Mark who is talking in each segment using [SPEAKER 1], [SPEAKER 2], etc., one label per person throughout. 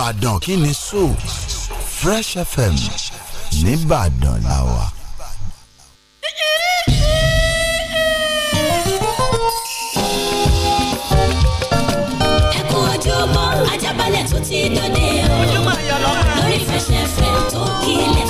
[SPEAKER 1] Ìbàdàn kí ni so
[SPEAKER 2] Fresh
[SPEAKER 3] FM nìbàdàn la wà.
[SPEAKER 4] ẹ kú ojúbọ Ajaabale tó ti dòde o lórí Fresh
[SPEAKER 5] FM tó kílẹ̀.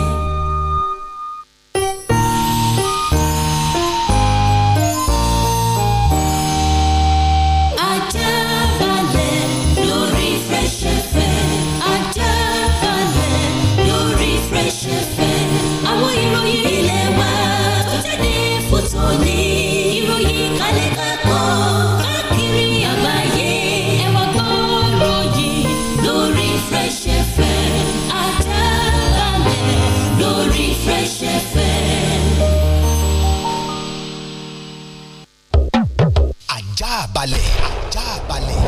[SPEAKER 3] ajá balẹ̀ ajá balẹ̀.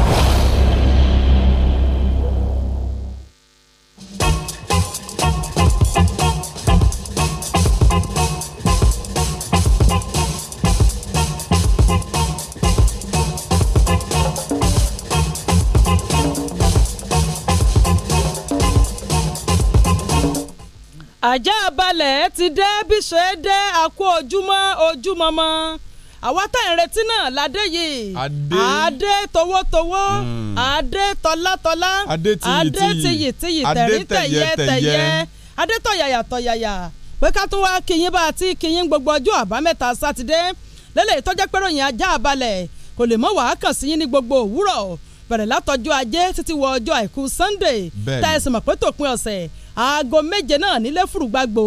[SPEAKER 6] ajá balẹ̀ ti dé bí ṣe dé a ojúmọ́ ojúmọ́mọ́ àwa tá ìrètí náà ládé yìí adé tọwọ́tọwọ́ adé tọlátọlá hmm. adé tiyì tiyì tẹ̀rín tẹ̀yẹ tẹ̀yẹ adé tọ̀yàyà tọ̀yàyà pé ká tó wá kíyìn bá àti kíyìn gbogbo ọjọ́ àbámẹ́ta sátidé lélẹ̀ tọ́jẹ́ pé ròyìn ajá balẹ̀ kò lè mọ̀ wá kàn sí yín ní gbogbo òwúrọ̀ bẹ̀rẹ̀ látọjọ́ ajé títí wọ ọjọ́ àìkú Sunday tẹ̀sán mọ̀ pé tòpin ọ̀sẹ̀ aago méje náà nílé fùrùgbàgbò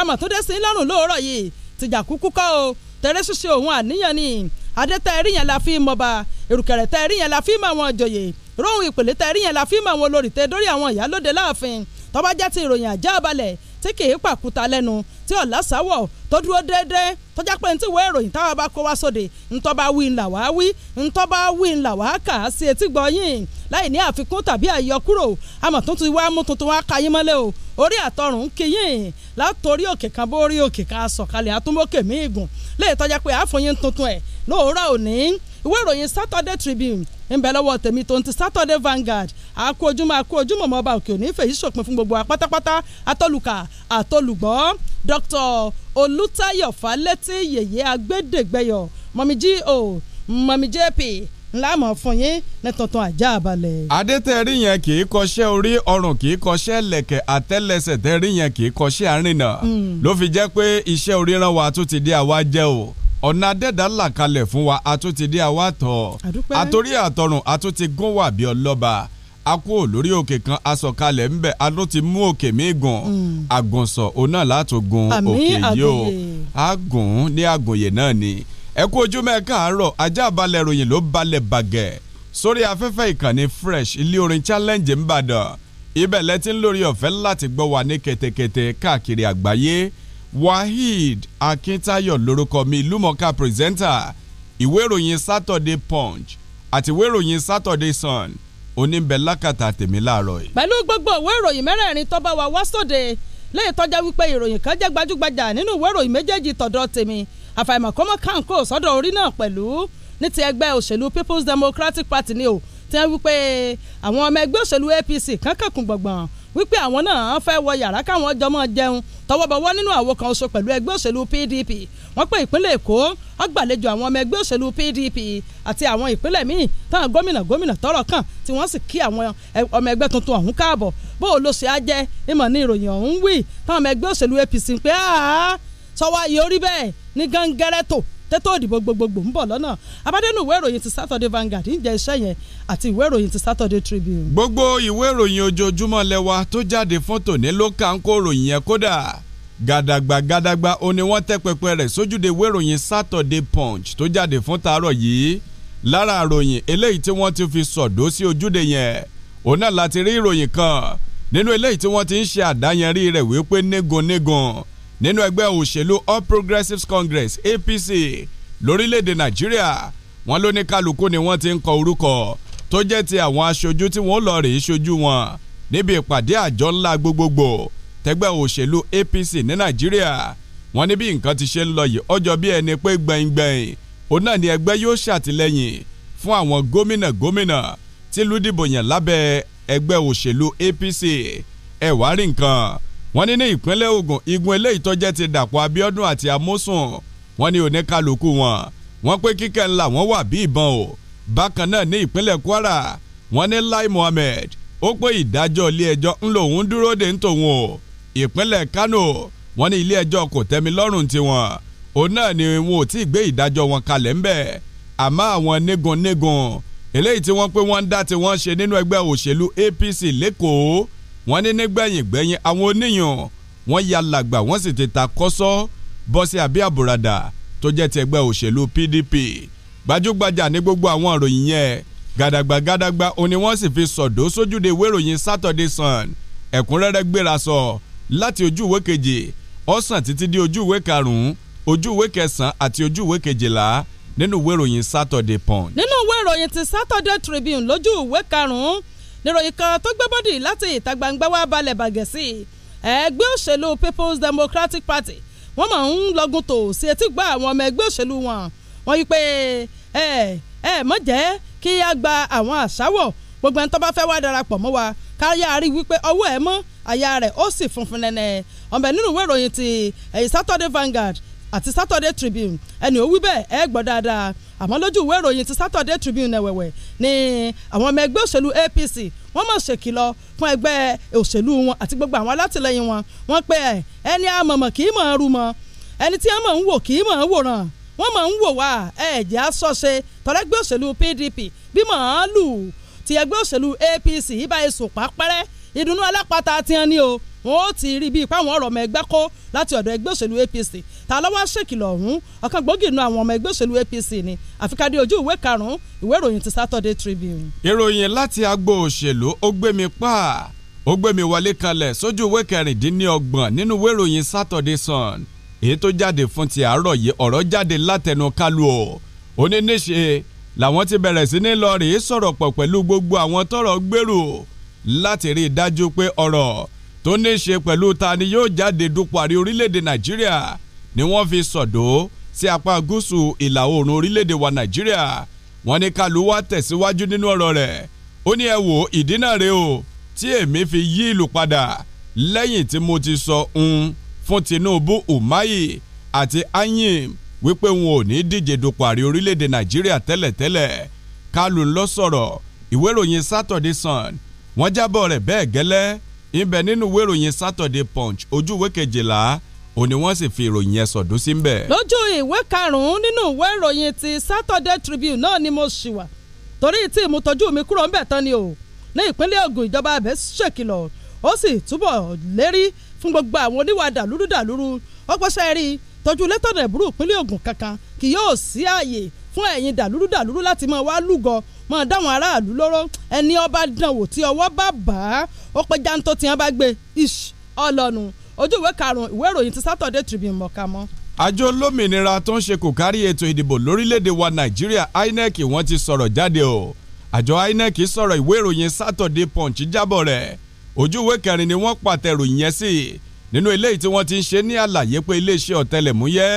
[SPEAKER 6] àmọ̀ tó dé sí lọ́rùn lóòrọ̀ yìí tìjà kúkú kọ́ o tẹ̀rẹ́ ṣiṣẹ́ òun àníyàn ni adẹ́tẹ̀ ẹ̀rí yẹn la fi mọ̀ bá èrùkẹ̀rẹ̀ tẹ̀ ẹ̀rí yẹn la fi mọ̀ àwọn ìjòyè róhùn ìpèlè tẹ̀ ẹ̀rí yẹn la fi mọ̀ àwọn olórí tẹ̀ dórí àwọn ìyálóde láàfin tọ́ba ti ìròyìn àjá balẹ̀ tí kìí pàkúta lẹ́nu tí ọ̀la sáwọ̀ tó dúró déédéé tọ́já pé ntí ìwé ìròyìn táwa bá kó wá sóde ntọ́ba wí ńlá wá wí ntọ́ba wí ńlá wá kà á sí etí gbọ́yìn láì ní àfikún tàbí àyọkúrò àmọ́ tuntun mú tuntun ka yín mọ́lẹ̀ o orí àtọrùn kíyìn látòrí òkè kan bórí òkè ká sọ̀kalẹ̀ àtúmọ̀kè mí gùn tọ́já pé àfọyín tuntun ẹ̀ òní ìwé ìròyìn Saturday Tribune ńbẹ lọ́wọ́ tèmi tó ń ti Saturday Vanguard àkó ojúmọ́ àkó ojúmọ́ mọ́ ọba òkè òní fèyí ṣòpin fún gbogbo apátápátá atọ́lùkà àtọ́lùgbọ́ Dr. Olùtayọ̀ Fálétí yèyé agbẹ́dẹ́gbẹ́yọ̀ mọ̀mí O mọ̀mí J.P lámọ̀ fún yín ní tuntun ajá balẹ̀.
[SPEAKER 1] adétẹ̀rí yẹn kì í kọṣẹ́ orí ọrùn kì í kọṣẹ́ lẹ̀kẹ̀ àtẹ́lẹsẹ̀ tẹ́rí yẹn kì í kọṣẹ́ àrìnà hmm. ló fi jẹ́ pé iṣẹ́ oríran wa tún ti dé àwa jẹ́ o ọ̀nà adẹ́dá là kalẹ̀ fún wa a tún ti dé àwa tọ̀ àtòrí àtọ̀run a tún ti ọlọ́ba a lórí òkè kan asọ̀kalẹ̀ ńbẹ a ló ti mú òkè mi gùn mm. àgùnsọ̀ òun náà láti gun òkè yìí o àgùn ní àgùnyè náà ni ẹ kú ojú mẹ́ẹ̀ká àárọ̀ ajá balẹ̀ ròyìn ló balẹ̀ bàgẹ́ sórí afẹ́fẹ́ ìkànnì fresh ilé orin challenge ńbàdàn ibẹ̀ lẹ́tí ń lórí ọ̀fẹ́ láti gbọ́ wa ní kẹ̀tẹ̀kẹ̀tẹ̀ káàkiri àgbáyé Waheed Akintayo lorúkọ mi lumoka presenter ìwé ìròyìn Saturday Punch àti ìwé ìròyìn Saturday Sun oníbẹ̀ lákàtà tèmi láàárọ̀ yìí.
[SPEAKER 6] pẹ̀lú gbogbo ìwé ìròyìn mẹ́rẹ̀ẹ̀rin tó bá wa wá sóde lẹ́yìn tọ́já wípé ìròyìn kan jẹ́ gbajúgbajà nínú ìwé ìròyìn méjèèjì tọ̀dọ̀ tèmi àfàìmọ̀ kọ́mọ́ kánkó sọ́dọ̀ orí náà pẹ̀lú ní ti ẹgbẹ́ òṣèlú People's Democratic Party ni o tí wọ́n wípé àwọn ọmọ ẹgbẹ́ òṣèlú APC kankan kùn gbọ̀ngbọ̀n wípé àwọn náà fẹ́ wọ yàrá káwọn jọmọ jẹun tọwọ́bọwọ́ nínú àwo kan oṣù pẹ̀lú ẹgbẹ́ òṣèlú PDP wọ́n pé ìpínlẹ̀ Èkó ọgbàlejò àwọn ọmọ ẹgbẹ́ òṣèlú PDP àti àwọn ìpínlẹ̀ míì táwọn gómìnà gómìnà tọ́rọ̀ kàn tí wọ́n sì kí àwọn ọmọ ẹgbẹ́ tuntun ọ̀hún káàbọ̀ bó o lọ sí ajẹ́ ìmọ̀ ní ìròyìn ọ̀hún wì táwọn ọmọ ẹgbẹ́ òṣèlú APC ń pé sọwọ́ yìí ó rí bẹ́ẹ̀ ní gángẹ́rẹ́tò tẹ́tọ́ òdìbò gbogbogbò ń bọ̀ lọ́nà abádẹ́nu ìwé ìròyìn ti Saturday Vanguard ń jẹ́ iṣẹ́ yẹn àti ìwé ìròyìn ti Saturday Tribune.
[SPEAKER 1] gbogbo ìwé ìròyìn ojoojúmọ́ lẹ́wà tó jáde fún tòní ló kà ń kó ròyìn yẹn kódà gàdàgbà gàdàgbà ó ní wọ́n tẹ́ pẹpẹ rẹ̀ sójúde ìwé ìròyìn Saturday Punch tó jáde fún tàárọ̀ yìí lára ìròyìn eléyìí tí wọ́n ti fi sọ̀dọ́ sí ojúde yẹn òun náà láti rí ìròyìn kan nínú eléyìí tí wọ́n ti ń ṣe àdáyanrí rẹ̀ wípé négunnégun nínú ẹgbẹ́ òṣèlú All Progressives Congress APC lórílẹ̀‐èdè Nàìjíríà wọ́n ló ní kálukú ni wọ́n ti ń kọ orúkọ tó jẹ́ ti àwọn aṣojú tí wọ́n lọ rèé ṣojú wọn níbi ìpàdé àjọ ńlá gbogbogbò tẹgbẹ́ òṣèlú APC ní Nàìjíríà wọ́n ní bí nǹkan ti ṣe ń lọ yìí ọjọ́ bí ẹni pé gbẹ̀ngbẹ̀ng òun náà ni ẹgbẹ́ yóò ṣàtìlẹ́yìn fún àwọn gómìnà gómìnà tí lùdìbò lábẹ́ ẹgbẹ́ òṣèlú APC ẹ̀ wá rí nǹkan wọ́n ní ní ìpínlẹ̀ Ògùn igun eléyìí tó jẹ́ ti Dàpọ̀ Abíọ́dún àti Amósùn wọ́n ní oníkálukú wọn wọ́n pé kíkẹ́ ńlá wọ́n wà bí ìbọn o bákan náà ní ìpínlẹ̀ Kwara wọ́n ní Lai Mohammed ó pé ìdájọ́ ilé ẹjọ́ ńlòun dúró de ń tòun o ìpínlẹ̀ Kano wọ́n ní ilé ẹjọ́ kò tẹ́mi lọ́rùn tiwọn òun náà ni wọn ò tí ì gbé ìdájọ́ wọn kalẹ̀ ńbẹ̀ àmọ́ àwọn nígunnígun eléyìí tí wọ́n pé wọ́n ń dá tí wọ́n ṣe nínú ẹgbẹ́ òṣèlú APC lẹ́kọ̀ọ́ wọ́n ní nígbẹ̀yìn gbẹ̀yìn àwọn oníyàn wọ́n ya làgbà wọ́n sì ti ta kọ́sọ́ bọ́sí àbí àbùradà tó jẹ́ ti ẹgbẹ́ òṣèlú PDP gbajúgbajà ní gbogbo àwọn ìròyìn yẹn gàdàgbà gàdàgbà òun ni wọ́n sì fi sọ̀dọ̀ sójúde ìwé ìròyìn Saturday Sun ẹ̀kúnrẹ́rẹ́ gbéra sọ láti ojú ìwé keje ọ̀sán títí di ojú ìwé karùn-ún ojú ìwé kẹsàn-án àti ojú ìwé kejìlá nínú ìwé Saturday Punch.
[SPEAKER 6] nínú ìwé ìròyìn ti Saturday Tribune lójú ìwé karùn-ún níròyìn kan tó gbé bọ́dì láti ìta gbangba wá balẹ̀ bàgẹ́ sí ẹgbẹ́ òṣèlú People's Democratic Party wọ́n máa ń lọ́gun tò sí etí gbọ́ àwọn ọmọ ẹgbẹ́ òṣèlú wọn wọ́n yí pé ẹ ẹ mọ̀ jẹ́ kí á gba àwọn àṣàwọ̀ gbogbo ẹni tó bá fẹ́ wá darapọ̀ mọ́ wa káyà rí wípé ọwọ́ ẹ̀ mọ́ àyà rẹ̀ ó sì funfun nẹ́nẹ́ ọ̀bẹ nínú ìwé ìròyìn ti Saturday Vanguard àti Saturday Tribune ẹni ò wí bẹ́ẹ̀ ẹ gbọ́ dáadáa àmọ́ lójú ìwé ìròyìn ti Saturday Tribune ẹ̀wẹ̀wẹ̀ ni àwọn ọmọ ẹgbẹ́ òṣèlú APC wọ́n mọ̀ ṣèkìlọ̀ fún ẹgbẹ́ òṣèlú wọn àti gbogbo àwọn alátìlẹyìn wọn wọ́n pe ẹni àmọ̀mọ̀ kì í mọ̀ ọ́n rú mọ́ ẹni tí wọ́n mọ̀ ń wò kì í mọ̀ ọ́n wòràn wọ́n mọ̀ ń wò wá ẹ̀jẹ̀ asọ́ṣe tọ́lẹ́gbẹ́ òṣèlú PDP bí mọ̀ ọ́n lù ti ẹgbẹ́ òṣèlú APC ibà èso pàápẹ́rẹ́ ìdùnnú alápatà tiẹ̀ ni o wọn ó ti rí bíi páwọn ọ̀rọ̀ ọmọ ẹgbẹ́ kó láti ọ̀dọ̀ ẹgbẹ́ òṣèlú APC ta ló wá ṣèkìlọ̀ ọ̀hún gbòógì nu àwọn ọmọ ẹgbẹ́ òṣèlú APC ni àfikàdé ojú ìwé karùn ìwé ìròyìn ti Saturday Tribune.
[SPEAKER 1] ìròyìn láti agbo òṣèlú ó gbé mi pa ó gbé mi wọlé kalẹ̀ sójú ìwé kẹrìndínlọ́gbọ̀n nínú ìwé ìròyìn Saturday Sun èyí tó jáde fún ti àárọ̀ yìí ọ̀rọ̀ jáde látẹnu Kálù ò ó ní níṣe làwọn ti bẹ̀rẹ̀ sí ní lọ rèé sọ̀rọ̀ tó ní í ṣe pẹ̀lú ta ni yóò jáde dupò àrí orílẹ̀-èdè nàìjíríà ni wọ́n fi sọ̀dọ̀ sí apá gúúsù ìlà oòrùn orílẹ̀-èdè wa nàìjíríà wọ́n ní kálù wá tẹ̀síwájú nínú ọ̀rọ̀ rẹ̀ ó ní ẹ wò ìdínà rẹ o tí èmi fi yí ìlú padà lẹ́yìn tí mo ti sọ ń fún Tinubu Umahi àti Anyim wípé wọn ò ní díje dupò àrí orílẹ̀-èdè nàìjíríà tẹ́lẹ̀tẹ́lẹ̀ kálù ńlọ sọ̀rọ̀ ìwé Saturday Sun wọ́n jábọ̀ rẹ̀ bẹ́ẹ̀ gẹ́lẹ́ ibẹ̀ nínú ìwé ìròyìn Saturday Punch ojú ìwé kejìlá ó ní wọ́n sì fi ìròyìn yẹn sọ̀dún sí mbẹ̀.
[SPEAKER 6] lójú ìwé karùn-ún nínú ìwé ìròyìn ti Saturday Tribune náà ni mo ṣì wà torí tí ìmútọ́jú mi kúrò ńbẹ̀ tán ni o ní ìpínlẹ̀ Ògùn ìjọba abẹ́ ṣèkìlọ̀ ó sì túbọ̀ lérí fún gbogbo àwọn oníwà dàlúrú dàlúrú ọpẹ́sẹ́ rí tọ́jú létọ̀nà ìbúrú ìpínlẹ̀ Ògùn kankan kì yóò sí ààyè fún ẹ̀yin dàlúrú dàlúrú láti máa wá lúgọ máa dáwọn aráàlú lóró ẹni ọba dànwó tí ọwọ́ bá bà á ó pé jántó tí wọ́n bá gbé ish ọlọ́nu ojú ìwé karùn-ún ìwé ìròyìn ti Saturday Tribune mọ̀ọ́ká
[SPEAKER 1] àjọ olómìnira tó ń ṣe kò kárí ètò ìdìbò lórílẹ̀‐èdè wa Nàìjíríà INEC wọ́n ti sọ̀rọ̀ jáde o àjọ INEC sọ̀rọ̀ ìwé ìròyìn Saturday Punch jábọ̀ rẹ̀ ojú ìwé kẹrin ni wọ́n pàtẹ́rò yẹn sí nínú eléyìí tí wọ́n ti ń ṣe ní àlàyé pé iléeṣẹ́ ọ̀tẹlẹ̀múyẹ́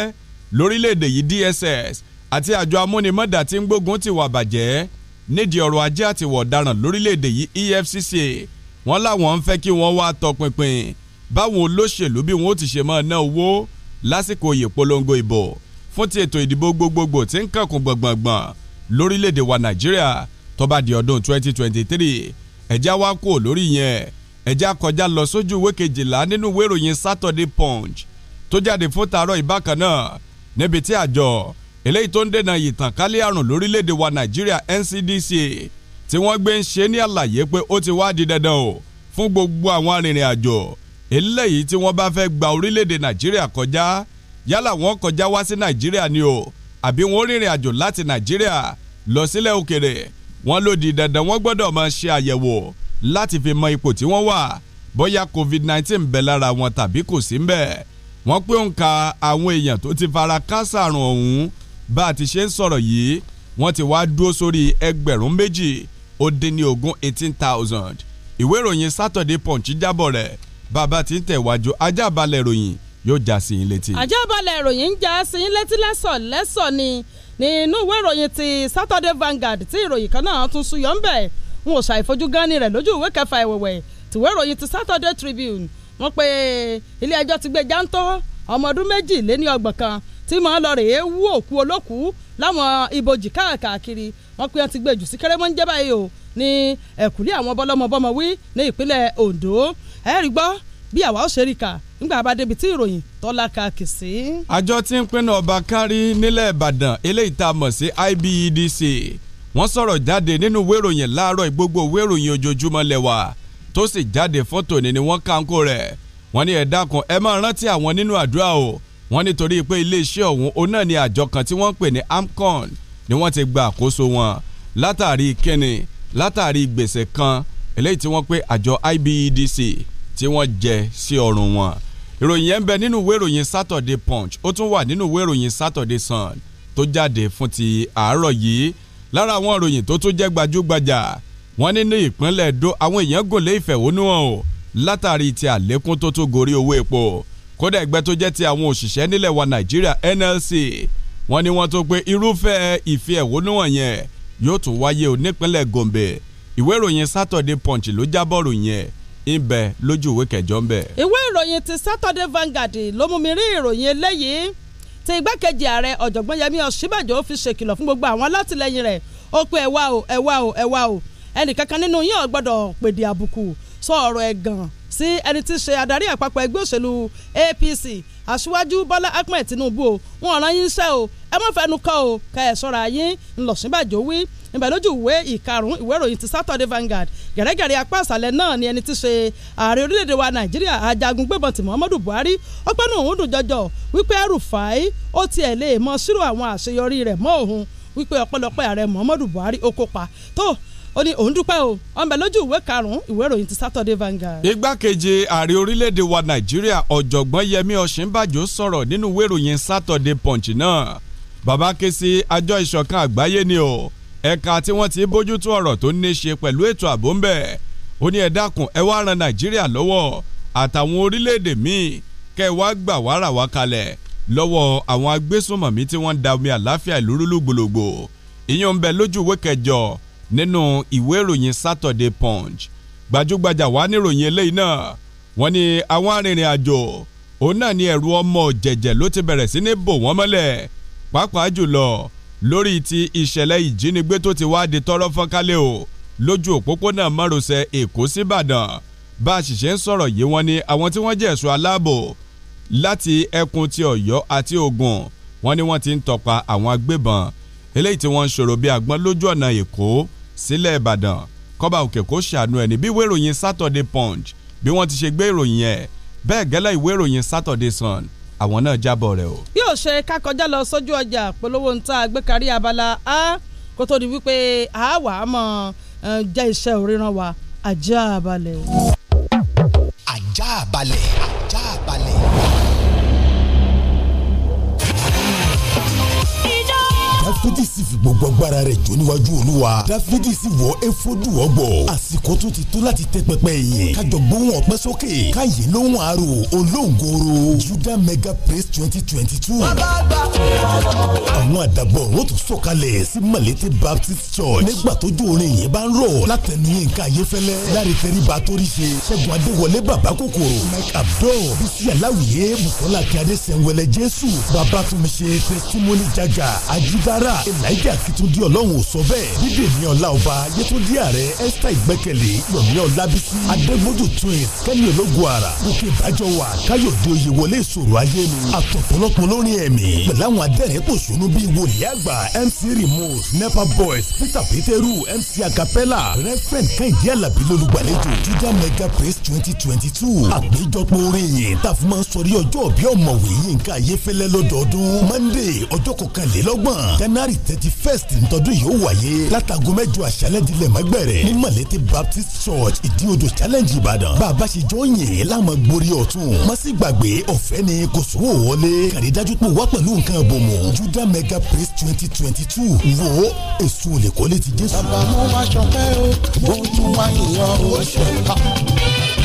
[SPEAKER 1] lórílẹ̀‐èdè yìí DSS àti àjọ amúnimọ́dà tí ń gbógun ti wà bàjẹ́ nídìí ọrọ̀ ajé àti wọ̀ lórílẹ̀‐èdè yìí EFCC wọ́n láwọn ń fẹ́ kí wọ́n wá tọpinpin báwọn olóṣèlú bí wọ́n ti ṣe máa ná owó lásìkò ìpolongo ìbò fún ti ètò ìdìbò gbogbogbò tí ń kànkùn gbọ̀ngbọ̀ngbọ̀n lórílẹ̀‐èdè wa Nàìjíríà tó bá di ọdún 2023 ẹ̀já wá kú lórí yẹn ẹ̀já kọjá lọ sójú ìwé kejìlá nínú ìwé ìròyìn Saturday Punch tó jáde fún tàárọ̀ ìbákan náà níbi tí àjọ eléyìí tó ń dènà ìtànkálẹ̀ àrùn lórílẹ̀‐èdè wa nàìjíríà NCDCA tí wọ́n gbé ń ṣe ní àlàyé pé ó ti wá di dandan o fún gbogbo àwọn arìnrìn àjò eléyìí tí wọ́n bá fẹ́ gba orílẹ̀‐èdè nàìjíríà kọjá yálà wọ́n kọjá wá sí nàìjíríà ni o àbí wọ́n rìnrìn àjò láti nàìjíríà lọ sílẹ̀ òkèrè wọ́n ló di dandan wọ́n gbọ́dọ̀ máa ṣe àyẹ̀wò láti fi mọ ipò tí wọ́n wà bóyá covid-19 ń bẹ lára wọn tàbí kò sí ń bẹ wọ́n pé òǹkà àwọn èèyàn tó ti fara káàsà àrùn ọ̀hún bá a ti ṣe ń sọ̀rọ̀ yìí wọ́n ti wá dúró sórí ẹgbẹ̀rún méjì ó dín ní ogún eighteen thousand ìwé ìròyìn Saturday Punch jábọ̀ rẹ̀ bàbá tí ń tẹ̀wájú ajábalẹ̀ ìròyìn yóò já sí yín létí.
[SPEAKER 6] ajábalẹ̀ ìròyìn ń já sí yín létí lẹ́sọ̀ lẹ́sọ̀ ni nínú ìwé ìròyìn ti Saturday Vanguard tí ìròyìn kan náà tún súyọ ń bẹ̀ n ò ṣàìfojú gánni rẹ̀ lójú ìwé kẹfà ìwẹ̀wẹ̀ tìwé ìròyìn ti Saturday Tribune wọ́n pe ilé ẹjọ́ ti gbé jáńtọ́ ọmọ ọdún méjì lé ní ọgbọ̀n kan tí màá lọ rèé wú òkú olókùú láwọn ibojì káàkiri wọ́n pe wọ́n ti gbé jù sí kẹrẹ́mọ́njẹ́ báyìí o ní ẹ̀kúlé àwọn bọ́lọ́mọbọ́mọ wí ní ìpínlẹ̀ Ondo ẹ̀rí gbọ́ bí àwa ó ṣe rí kà nígbà bá tí ìròyìn tọ́lá ka kì sí.
[SPEAKER 1] àjọ tí ń pinnu ọba kárí nílẹ̀ Ìbàdàn eléyìí tá a mọ̀ sí IBEDC wọ́n sọ̀rọ̀ jáde nínú ìwé láàárọ̀ gbogbo ìwé ojoojúmọ́ lẹ́wà tó sì jáde fọ́tò ní ni wọ́n kánkó rẹ̀ wọ́n ní ẹ dákun ẹ máa rántí àwọn nínú àdúrà o wọ́n nítorí pé iléeṣẹ́ ọ̀hún òun náà ni àjọ kan tí wọ́n ń pè ní amcon ni wọ́n ti gba àkóso wọn látàrí kíni látàrí gbèsè kan eléyìí tí wọ́n pè àjọ IBEDC tí wọ́n jẹ sí ọrùn wọn ìròyìn yẹn ń bẹ nínú ìwé ìròyìn Saturday Punch ó tún wà nínú ìwé ìròyìn Saturday Sun tó jáde fún ti àárọ̀ yìí lára àwọn ìròyìn tó tún jẹ́ gbajúgbajà wọ́n nínú ìpínlẹ̀ Edo àwọn èèyàn gòlé ìfẹ̀hónúhàn o látàrí ti àlékún tó tún gorí owó epo kódà ẹgbẹ́ tó jẹ́ ti àwọn òṣìṣẹ́ nílẹ̀ wa Nàìjíríà NLC wọ́n ní wọ́n tó pé irúfẹ́ ìfẹ́ ẹ̀hónúhàn yẹn yóò tún wáyé o nípínlẹ̀ Gombe ìwé ìròyìn Saturday Punch ló jábọ̀ ròyìn ẹ̀ ibẹ̀ lójú ìwé kẹjọ ń bẹ̀.
[SPEAKER 6] ìwé ìròyìn ti Saturday Vanguard ló mú mi rí ìròyìn eléyìí tí igbákejì ààrẹ ọ̀jọ̀gbọ́n Yẹmí Ọ̀ṣínbàjò fi ṣèkìlọ̀ fún gbogbo àwọn alátìlẹyìn rẹ̀ ó pé ẹ̀wá o ẹ̀wá o ẹ̀wá o ẹnìkankan nínú yín ò pèdè àbùkù sọ ẹ̀gàn sí ẹni tí í ṣe adarí àpapọ̀ ẹgbẹ́ òṣèlú APC aṣíwájú Bọ́lá Ahmed Tinubu o wọn ọ̀ràn yín iṣẹ́ o ẹ má fẹnu kọ́ o ká ẹ̀ sọ́ra yín ńlọ̀sínbàjò wí ìbẹ̀ lójú ìwé ìkarùn-ún ìwé ìròyìn ti Saturday Vanguard gẹ̀rẹ́gẹ̀rẹ́ apá àṣàlẹ̀ náà ni ẹni tí ṣe ààrẹ orílẹ̀-èdè wa Nàìjíríà ajagun gbébọn tí Muhammadu Buhari ọpẹ́ nù òun dùn jọjọ wípé Rufai ó tiẹ̀ lè mọ sírò àwọn àṣeyọrí rẹ̀ mọ́ òun wípé ọpẹ́lọpẹ́ ààrẹ Muhammadu Buhari ó kópa tó ó ní òun dúpẹ́ o ọmọbẹ lójú ìwé karùn-ún ìwé ìròyìn ti Saturday Vanguard.
[SPEAKER 1] igbákejì ààrẹ orílẹ̀-èdè wa Nàìjíríà ọ̀jọ̀gbọ́n Yẹmí Ọ̀ṣínbàjò sọ̀rọ̀ nínú ìwé ìròyìn Saturday Punch náà bàbá ké sí àjọ ìṣọ̀kan àgbáyé ni o ẹ̀ka tí wọ́n ti bójútó ọ̀rọ̀ tó ní í ṣe pẹ̀lú ètò ààbò ń bẹ̀ ó ní ẹ dákun ẹ wá ran Nàìjíríà lọ́wọ́ àtàwọn orílẹ̀-èdè míì kẹ́ ẹ wá gbà wàrà wá kalẹ̀ lọ́wọ́ àwọn agbésùnmọ̀mí tí wọ́n da omi àláfíà ìlú rúlú gbòlògbò ìyẹn lójú ìwé kẹjọ nínú ìwé ìròyìn Saturday Punch gbajúgbajà wà níròyìn eléyìí náà wọ́n ní àwọn arìnrìn àjò òun náà ni ẹ̀rù ọmọ jẹ̀jẹ̀ ló ti bẹ̀rẹ̀ sí ní bò wọ́n mọ́lẹ̀ pàápàá jùlọ lórí ti ìṣẹ̀lẹ̀ ìjínigbé tó ti wá di tọ́rọ́ fọ́nkálẹ̀ o lójú òpópónà márosẹ̀ Èkó síbàdàn bá a sì ṣe ń sọ̀rọ̀ yìí wọ́n ní àwọn tí wọ́n jẹ́ ẹ̀ṣọ́ aláàbò láti ẹkùn ti Ọ̀yọ́ àti Ògùn wọ́n ní wọ́n ti ń tọpa àwọn agbébọn eléyìí tí wọ́n ń ṣòro bí agbọ́n lójú ọ̀nà Èkó sílẹ̀ ìbàdàn kọ́ba òkè kó ṣàánú ẹni bí ìwé ìròyìn Saturday Punch bí wọ́n ti ṣe gbé ìròyìn ẹ̀ bẹ́ẹ̀ gẹ́lẹ́ ìwé ìròyìn Saturday Sun àwọn náà jábọ̀ rẹ̀ o.
[SPEAKER 6] bí ó ṣe kákọjá lọ sójú ọjà polówó ń ta àgbékarí abala a kó tó di wípé a wà á mọ̀ jẹ́ iṣẹ́ òríran wa ajá balẹ̀. ajá balẹ̀ ajá balẹ̀.
[SPEAKER 2] dáfídì sì fi gbogbo agbára rẹ̀ jó níwájú olúwa dáfídì sì wọ efodu ọgbọ̀ àsìkò tó ti tó láti tẹ́ pẹpẹ yìí kájọ gbóhùn ọpẹ́ sókè káyé lóhùn àrò olóńgòrò juda mega praise twenty twenty two. àwọn àdàbọ̀ ọ̀rọ̀ tó sọ̀kalẹ̀ sí malete baptist church nígbà tójú orin yìí bá ń rọ̀ látẹnu yín ká yé fẹ́lẹ́ láre tẹ́ríba torí ṣe ṣẹ́gun adéwọlé bàbá kòkòrò mike abdul bísí aláwìyé bukola kí adé sẹ́wẹ́lẹ́ jésù bàbá tó ṣe testimony jaga ajídá rárá elijah akitunde ọlọ́run ò sọ bẹ́ẹ̀ bídèmí ọlá ọba yẹtúndí ààrẹ esther ìgbẹ́kẹ̀lé yọ̀mí ọlábísí adégbójú twins kẹ́ni ológun ara bùkẹ́ ìbájọ́ wa káyọ̀dé oyè wọlé ìṣòro ayé mi àtọ̀pọ̀lọpọ̀ lórin ẹ̀mí pẹ̀láwọn adẹ́rẹ́ kò sónú bíi wòlíì àgbà mc remote nepa boys peter peteru mc acapella reverend kẹ́hìndé alábí lolùgbàlejò jíjà mega praise twenty twenty two àgbéjọpọ̀ orin yìí tàfùmọ̀ sọrí ọjọ́ ọ̀bí ọ̀mọ̀wé yínká ayéfẹ́lẹ́ lọ́dọọdún monday ọjọ́ kọkànlélọ́gbọ̀n january thirty first ntọ́dún yìí ó wáyé látago mẹ́jọ àṣálẹ́ dilẹ̀ mẹ́gbẹ̀rẹ̀ ní malete baptist church ìdíodò challenge ìbàdàn bàbá ṣe jọ yìn láàmú gborí ọ̀tún má sì gbàgbé ọ̀fẹ́ ni kò sówó wọlé kàrí dájú pé wá pẹ̀lú nǹkan àbòmọ̀ juda mega praise twenty twenty two wo èso olè kọ́lé ti jésù.
[SPEAKER 7] bàbá mo máa ṣọpẹ́ o mo tún wá ìyàn
[SPEAKER 2] o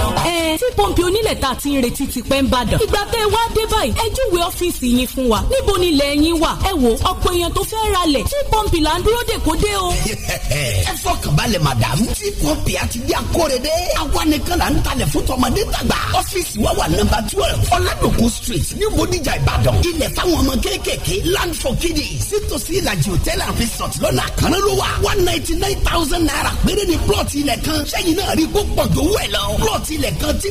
[SPEAKER 8] pọ́ǹpì onílẹ̀ tá a ti ń retí ti pẹ́ ń bàdàn. ìgbà tẹ́ ẹ wá dé báyìí ẹ júwe ọ́fíìsì yín fún wa níbo ni ilẹ̀ yín wà ẹ wò ọ̀pọ̀ èèyàn tó fẹ́ ra lẹ̀ tí pọ́ǹpì là ń dúró dè kó dé o.
[SPEAKER 5] ẹ fọkàn balẹ̀ màdàmú tí pọ́ǹpì àti bí akóredé àwa nìkan là ń talẹ̀ fún tọmọdé tàgbà. ọ́fíìsì wa wà nọ́mbà twelve ọ̀làdòkun street ní bodijà ìbàdàn ilẹ̀ fáwọn land for kiddies sítòsí ìlàjì hòtẹ́ẹ̀lì àfi sọ̀tì lọ́nà àkànná ló one ninety nine thousand naira péré ni plọ̀tì ilẹ̀ kan sẹ́yìn náà rí kó pọ̀ jówó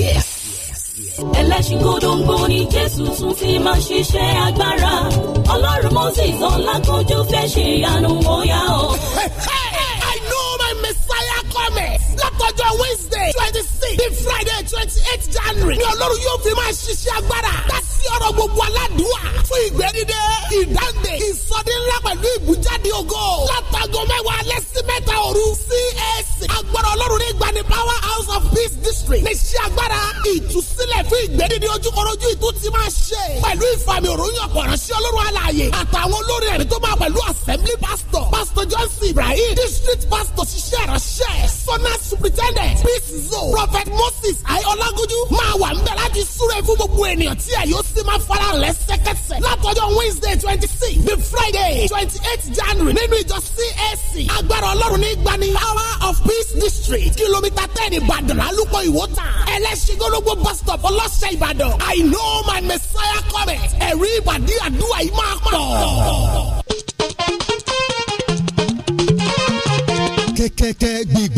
[SPEAKER 5] yes. ẹlẹ́sìn gbọdọ̀ngbọ̀n ni jésù tún ti máa ṣiṣẹ́ agbára ọlọ́run
[SPEAKER 9] moses ọ̀làkọ́jú fẹ́ ṣe ìyanu wọ́yà o.
[SPEAKER 5] I know my Messiah coming látọjọ́ Wednesday twenty six bíi friday twenty eight january ni ọlọ́run yóò fi máa ṣiṣẹ́ agbára dásí ọ̀rọ̀ gbogbo aládùúwà fún ìgbẹ́dídé ìdáǹdè ìsọdínlá pẹ̀lú ìbújáde ògo látago mẹ́wàá lẹ́sìn mẹ́ta òru CAC agbára ọlọ́run ní ìgbani power house of peace district lè ṣe agbára ìtúsílẹ̀ fún ìgbẹ́dídé ojúkọ̀rọ̀jú ìtú ti máa ṣe pẹ̀lú ìfàmì òròyìn ọ̀pọ̀ ránṣẹ́ ọlọ́run alààyè àtàwọn olórin ẹ̀mí tó máa pẹ̀lú assembly pastor pastor johnson ibrahim district pastor ṣiṣẹ́ ránṣẹ́ sọ́nà superintendent peace so prophet moses ayọ̀lágójú máa wà ń bẹ̀ láti súre fún gbogbo ènìyàn tí ẹ̀ yóò sì máa fara rẹ̀ sẹ́kẹsẹ̀ látọjọ́ wednesday twenty six the friday twenty eight january nínú ìjọ cac agbára ọlọ́run ní gbani power of peace district kìlómítà ten ìbàdàn alúpọ̀ ìwòta ẹlẹ́sìngológbó bus stop ọlọ́sẹ̀ ìbàdàn i know my messiah coming ẹ̀rí ìbàdí àdúrà yìí máa pọ̀.
[SPEAKER 7] kẹ́kẹ́kẹ́ gbígbó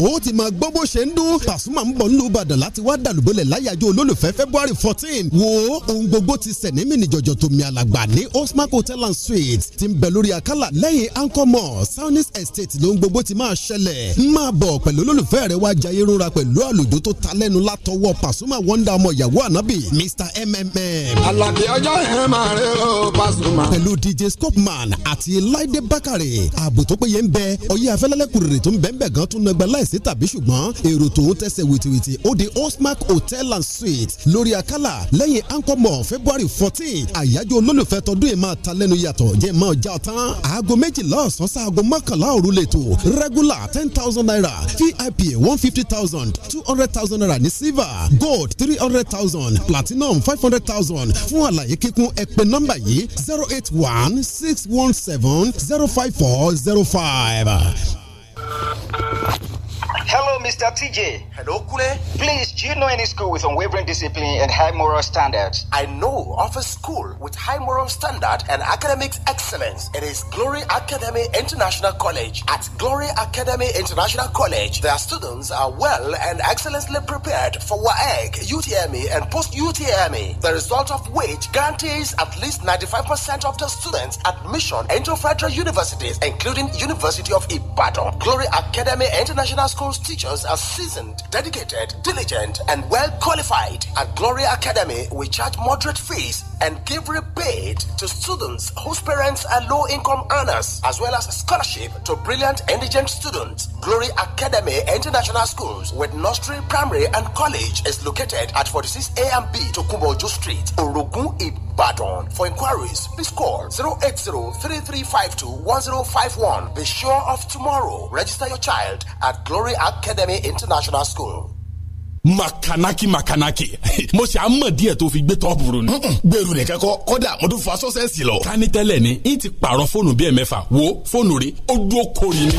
[SPEAKER 7] ó ti máa gbọ́ bó ṣe ń dún Pasuma ń bọ̀ nínú Ìbàdàn láti wá dàlúbọ̀lẹ̀ láyàjọ́ olólùfẹ́ February fourteen wo ohun gbogbo ti sẹ̀ ní mìnìjọ̀jọ̀ tó mi àlàgbà ní Osmark Hotel and Suites ti ń bẹ lórí àkàlà lẹ́yìn Anchor Mall Saunis Estate lóhun gbogbo ti máa ṣẹlẹ̀ ń máa bọ̀ pẹ̀lú olólùfẹ́ rẹ̀ wá jayé rúra pẹ̀lú àlùjọ tó ta lẹ́nu látọwọ́ Pasuma wonder ọmọ ìyàwó ànábì Mr MMM. Àlàbí ọjọ́ ẹ̀ máa rí Pasuma. pẹ̀lú DJ Scopeman àti Láìdé Bákàrè ààbò tó péye ń bẹ ọyẹ́ afẹ́lẹ́lẹ́kùrèrè tó ń bẹ́ẹ̀ sí tàbí ṣùgbọ́n èrò tòun tẹsẹ̀ wìtìwìtì ó di Osmark Hotel and Suites lórí Akálà lẹ́yìn Anchor February fourteen àyájọ́ olólùfẹ́ tọdún yìí máa ta lẹ́nu yàtọ̀ jẹ́ máa já tán aago méjìlá ọ̀sán sáago mọ́kànlá òru lẹ́tọ̀ regular ten thousand naira VIP one fifty thousand two hundred thousand naira ní silver gold three hundred thousand platinum five hundred thousand fún àlàyé kíkún ẹ pè nọ́mbà yìí zero eight one six one seven zero five four zero five.
[SPEAKER 4] Hello, Mr. TJ. Hello, Kule. Please, do you know any school with unwavering discipline and high moral standards? I know of a school with high moral standard
[SPEAKER 3] and academic excellence. It is Glory Academy International College. At Glory Academy International College, their students are well and excellently prepared for WAEG, UTME, and post-UTME, the result of which guarantees at least 95% of the students admission into federal universities, including University of Ibadan. Glory Academy International School's teachers are seasoned, dedicated, diligent, and well qualified. At Gloria Academy, we charge moderate fees and give rebate to students whose parents are low income earners, as well as scholarship to brilliant indigent students. Glory Academy International Schools with nursery, primary, and college is located at 46 A and B to Kumbojo Street, Orogun, Ibadan. For inquiries, please call 080-3352-1051. Be sure of tomorrow. Register your child at Glory Academy International School. makanaki
[SPEAKER 2] makanaki mo ṣe àmọ̀ díẹ̀ tó fi gbé tọ́pù rò ni. gbèrú nìkan kọ kọ́dà mo tún fa sọ́sẹ̀sì
[SPEAKER 10] lọ. ká ní tẹ́lẹ̀ ni n ti pààrọ̀ fóònù bíi ẹ̀mẹ́fà wo
[SPEAKER 2] fóònù rí ó dúró kori ni.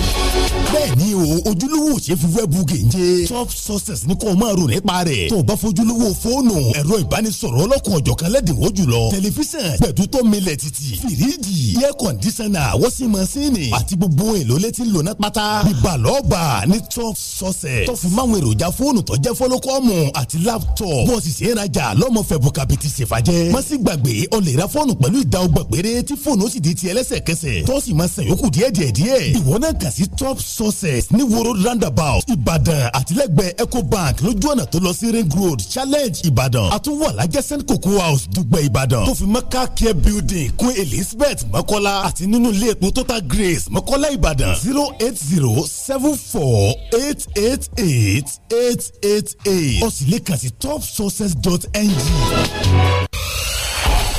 [SPEAKER 2] bẹ́ẹ̀ni o ojúlówó ṣe fi wẹ́ẹ̀bù gèje top success ní kò máa rò nípa rẹ̀ tó o bá fojúlówó fóònù ẹ̀rọ ìbánisọ̀rọ̀ ọlọ́kùn ọ̀jọ̀kan lẹ́dínwó jùlọ tẹlifíṣàn pẹ̀tùtọ́ milẹ̀ títì fìríjì air conditioner wọ́sí masínì àti gbogbo èlò létí lónà pátá bíbalọ́ọ̀bà ní top success tó fi máwọn èròjà fóònù tó kọ́mù àti laptop bó o sì ṣe é rajà lọ́mọ fẹ́ bùkàbìtì ṣèfàjẹ́. má sì gbàgbé o lè ra fọ́ọ̀nù pẹ̀lú ìdá ọgbà péré tí fóònù ó sì di tiẹ̀ lẹ́sẹ̀kẹsẹ̀ tó sì máa san yòókù díẹ̀ díẹ̀ díẹ̀. ìwọ náà kà sí top sources ní woro roundabout ìbàdàn àtìlẹ́gbẹ̀ẹ́ ecobank lójú ọ̀nà tó lọ sí ring road challenge ìbàdàn àtúwọ̀ alájẹsẹ́ni cocoa house dùgbẹ̀ ìbàdàn tó fi mọ́ car care building kún elizabeth mọ́kọ́lá àti nínú ilé epo total grace mọ́kọ́lá ìbàdàn zero eight zero seven four eight eight eight eight eight ó sì lè kàn sí
[SPEAKER 3] topsources.ng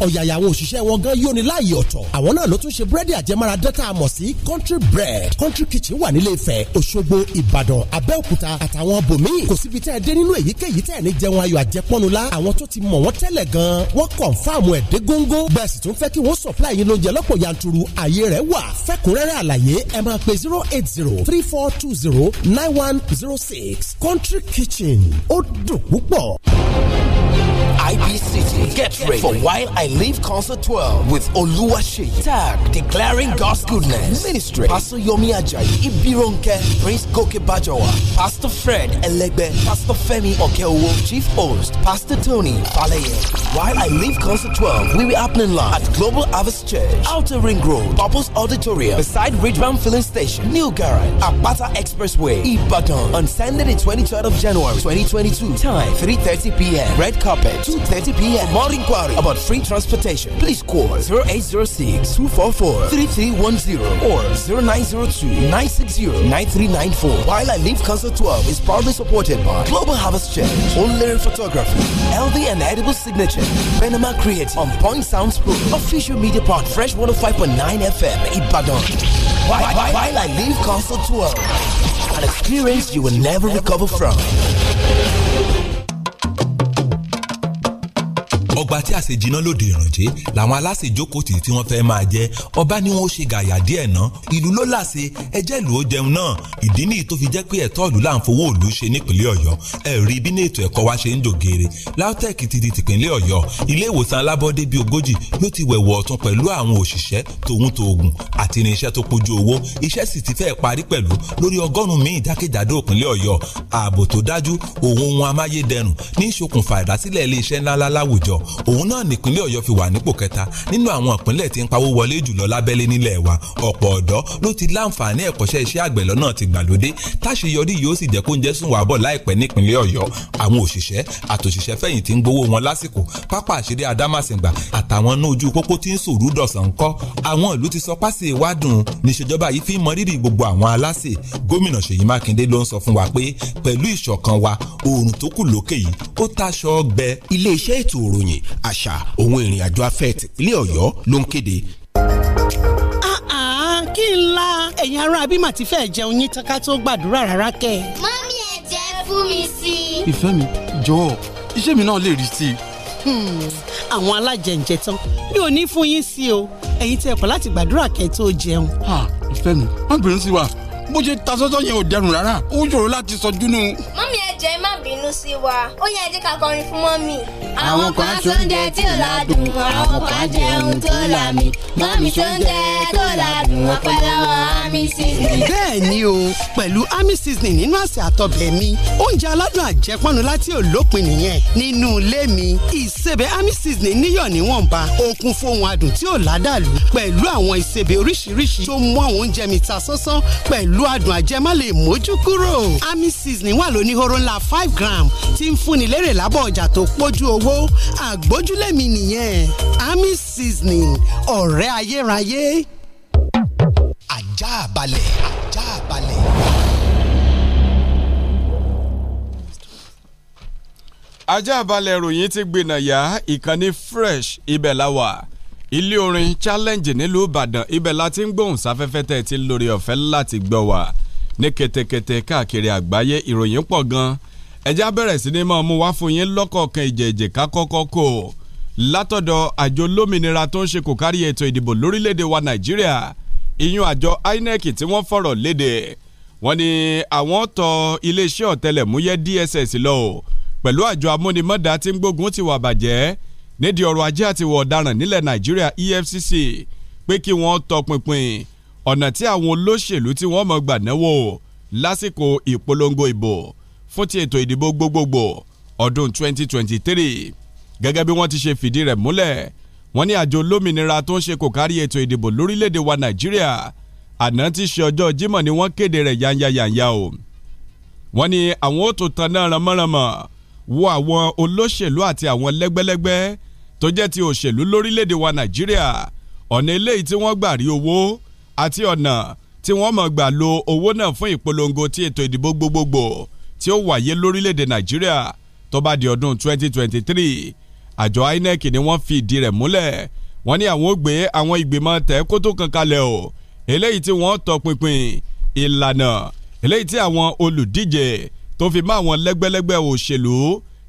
[SPEAKER 3] ní ọ̀yàyà àwọn òṣìṣẹ́ wọn gan yóò ní láàyè ọ̀tọ̀ àwọn náà ló tún ṣe búrẹ́dì àjẹmára dẹ́ta àmọ̀ sí country bread country kitchen wà nílé Ifẹ̀ Òṣogbo Ìbàdàn Abẹ́òkúta àtàwọn bòmíì kò síbi tẹ́ ẹ dé nínú èyíkéyìí tẹ́ ẹ ní jẹun ayọ̀ àjẹpọ́nula àwọn tó ti mọ̀ wọ́n tẹ́lẹ̀ gan wọ́n kọ̀ǹfàmù ẹ̀ dé góńgó bẹ́ẹ̀ sì tún fẹ́ supply yín lóúnjẹ lọ́pọ̀ yanturu ààyè rẹ̀ wà fẹ́kùnrẹ́rẹ́ àlàyé ẹ máa pe zero eight zero three four two zero nine one zero six country kitchen ó dùn IB City. Get ready for While I Live Concert 12 with Oluwaseyi. Tag, Declaring God's Goodness. Ministry, Pastor Yomi Ajayi, Ibironke, Prince Goke Bajawa, Pastor Fred Elegbe, Pastor Femi Okeowo, Chief Host, Pastor Tony Faleye. While I Live Concert 12 will be happening live at Global Harvest Church, Outer Ring Road, Purpose Auditorium, beside Ridgebound Filling Station, New Garage, Apata Expressway, Ibadan, on Sunday the 23rd of January 2022. Time 3.30 p.m. Red Carpet, 2.30 p.m. For more inquiry about free transportation, please call 0806-244-3310 or 0902-960-9394. While I leave, Council 12 is proudly supported by Global Harvest Church, Only Photography, LV and Edible Signature, Panama Creative, On Point Sounds Pro, Official Media Part, Fresh 105.9 FM, Ibadan. Why, why, while I leave Council 12,
[SPEAKER 10] an experience you will never recover from. ọgbà tí àṣẹ jiná lóde ìrànjẹ làwọn aláṣẹ ìjókòó tí wọ́n fẹ́ máa jẹ ọba ni wọ́n ṣe gàyà díẹ̀ ná ìlú ló láṣẹ ẹjẹ́ ìlú ó jẹun náà ìdí nìyí tó fi jẹ́ pé ẹ̀tọ́ ìlú là ń fowó ìlú ṣe nípínlẹ̀ Ọ̀yọ́ ẹ̀rí bí ní ètò ẹ̀kọ́ wa ṣe ń dògèrè LAUTECH ti di tìpínlẹ̀ Ọ̀yọ́ ilé ìwòsàn alábọ́dé bíi ogójì ló ti wẹ̀wù ọ̀tún pẹ̀lú àwọn òṣìṣẹ́ tòun tòògùn àti irinṣẹ́ tó pójú owó iṣẹ́ sì ti fẹ́ẹ̀ parí pẹ̀lú lórí ọgọ́rùn míì jákèjádò ìpínlẹ̀ Ọ̀yọ́ ààbò tó dájú òun ohun amáyédẹrùn ní ìṣokùnfà ìdásílẹ̀ ilé iṣẹ́ ńláńlá láwùjọ òun náà nípínlẹ̀ ọ̀yọ́ fi wà nípò kẹta nínú àwọn ìpínlẹ̀ tí ń pawó wọlé jùlọ lábẹ́lé nílẹ̀ wa ọ̀pọ̀ ọ̀dọ́ ló ti láǹfààní ẹ̀kọ́ṣẹ́ iṣẹ́ àgbẹ̀ lọ́nà ti gbàlódé táṣeyọrí yóò sì jẹ́ kó ń jẹ́ sùn wàbọ̀ láìpẹ́ nípínlẹ̀ ọ̀yọ́ àwọn òṣìṣẹ́ àtòṣìṣẹ́ fẹ̀yìntì ń gbowó wọn lásìkò pápá àṣírí adámàsìngbà àtàwọn náà ojú pópó tí ń sòrú dọ̀sán kọ́ àwọn ìlú ti sọ pásì ìwádùn níṣèjọba yìí fi ń mọrírì gbogbo àwọn aláṣẹ gómìnà Ṣèyí Mákindé ló ń sọ fún wa pé pẹ̀lú ìṣọ̀kan wa oòrùn tó kù lókè yìí ó táṣọ ọgbẹ. iléeṣẹ́ ètò òròyìn ìròyìn àṣà òun ìrìn àjò afẹ́ tìpínlẹ̀ ọ̀yọ́ ló ń
[SPEAKER 7] kéde ah, ah, kí n la ẹ̀yin ará abí mà ti fẹ́ jẹun yín tán ká tó gbàdúrà rárá kẹ́.
[SPEAKER 5] mọ́mí ẹ fún mi sí ìfẹ́ mi
[SPEAKER 7] jọ̀ọ́ iṣẹ́ mi náà lè rí sí i. Hmm, àwọn alájẹǹjẹ tán mi ò ní fún yín sí o ẹ̀yin tí ẹ kọ̀ láti gbàdúrà kẹ́ tó jẹun. Ah, ìfẹ́ mi má bínú sí wa bó ṣe ta sọ́sọ́ yẹn ò dẹrùn rárá ó ṣòro láti sọ júnú.
[SPEAKER 9] mọ́mí ẹ jẹ́ má bínú sí wa ó yẹ ẹ jẹ́ ká kọrin fún mọ́mí. àwọn kan sóúnjẹ tí ò ládùn àwọn kan jẹun tó làmì mọ́mí sóúnjẹ tó ládùn ọpẹ́ lọ́wọ́ army seasoning. bẹ́ẹ̀ ni o
[SPEAKER 7] pẹ̀lú army seasoning nínú àsè àtọbẹ̀ mi oúnjẹ aládùn àjẹpọ́nu láti òlópin nìyẹn nínú ilé mi ìsebẹ̀ army seasoning níyọ̀ níwọ̀nba ó kún fóhun adùn tí ò ládàlú pẹ̀lú àwọn ìsebẹ̀ oríṣiríṣi tó mú àwọn oúnjẹ mi ta sọ́sọ́ pẹ̀lú pẹ̀lú adùn àjẹmọ́ lè mójú kúrò. Ami seasoning wà lóní hóró ńlá five gram tí ń fúnni lérè lábọ̀ ọjà tó pójú owó àgbójúlé mi nìyẹn. Ami seasoning ọ̀rẹ́ ayérayé. Ajá balẹ̀ ajá balẹ̀.
[SPEAKER 1] ajá balẹ̀ ìròyìn ti gbìnàyà ìkànnì fresh ibẹ̀ la wà ilé orin challenge nílùú ìbàdàn ibẹ̀ la ti ń gbóhùn sáfẹ́fẹ́ tẹ̀ ti lórí ọ̀fẹ́ láti gbọ́ wá ní kẹtẹkẹtẹ káàkiri àgbáyé ìròyìn pọ̀ gan-an ẹjá bẹ̀rẹ̀ sí ni máa mú wá fún yín lọ́kọ̀ọ̀kan ìjẹ̀jẹ̀ ká kọ́kọ́ kó látọ̀dọ̀ àjọ lómìnira tó ń ṣe kò kárí ètò ìdìbò lórílẹ̀‐èdè wa nàìjíríà ìyún àjọ INEC tí wọ́n fọ̀rọ̀ léde wọ́n ní àwọn tọ iléeṣẹ́ ọ̀tẹlẹ̀múyẹ́ DSS lọ o pẹ̀lú àjọ amúnimọ́dá tí ń gbógun ti wà bàjẹ́ nídìí ọrọ̀ ajé àti ìwà ọ̀daràn nílẹ̀ nàìjíríà EFCC pé kí wọ́n tọpinpin ọ̀nà tí àwọn olóṣèlú tí wọ́n mọ̀ gbà náwó lásìkò ìpolongo ìbò fún ti ètò ìdìbò gbogbogbò ọdún 2023 gẹ́gẹ́ bí wọ́n ti ṣe fìdí rẹ̀ múlẹ̀ wọ́n ní àjọ olómìnira tó ń ṣe kò kárí ètò ìdìbò lórílẹ̀‐èdè wa nàìjíríà àná tí ṣe ọjọ́ jímọ̀ ni wọ́n kéde rẹ̀ yányayányá o wọ́n ní àwọn ó tó tan náà ránmọ́ránmọ́ wo àwọn olóṣèlú àti àwọn lẹ́gbẹ́lẹ́gbẹ́ tó jẹ́ ti òṣèlú lórílẹ̀‐èdè wa nàìjíríà ọ̀nà eléyìí tí wọ́n gbà rí owó àti ọ̀nà tí wọ́n mọ̀ gbà lo owó náà fún ìpolongo ti ètò ìdìbò gbogbogbò tí ó wáyé lórílẹ̀‐èdè nàìjíríà tó bá di ọdún 2023 àjọ INEC ni wọ́n fi ìdí rẹ̀ múlẹ̀ wọ́n ní àwọn ó gbé àwọn ìgbìmọ̀ tẹ̀ kótó kan kalẹ̀ o eléyìí tí wọ́n tọpinpin ìlànà eléyìí tí àwọn olùdíje tó fi mọ́ àwọn lẹ́gbẹ́lẹ́gbẹ́ òṣèlú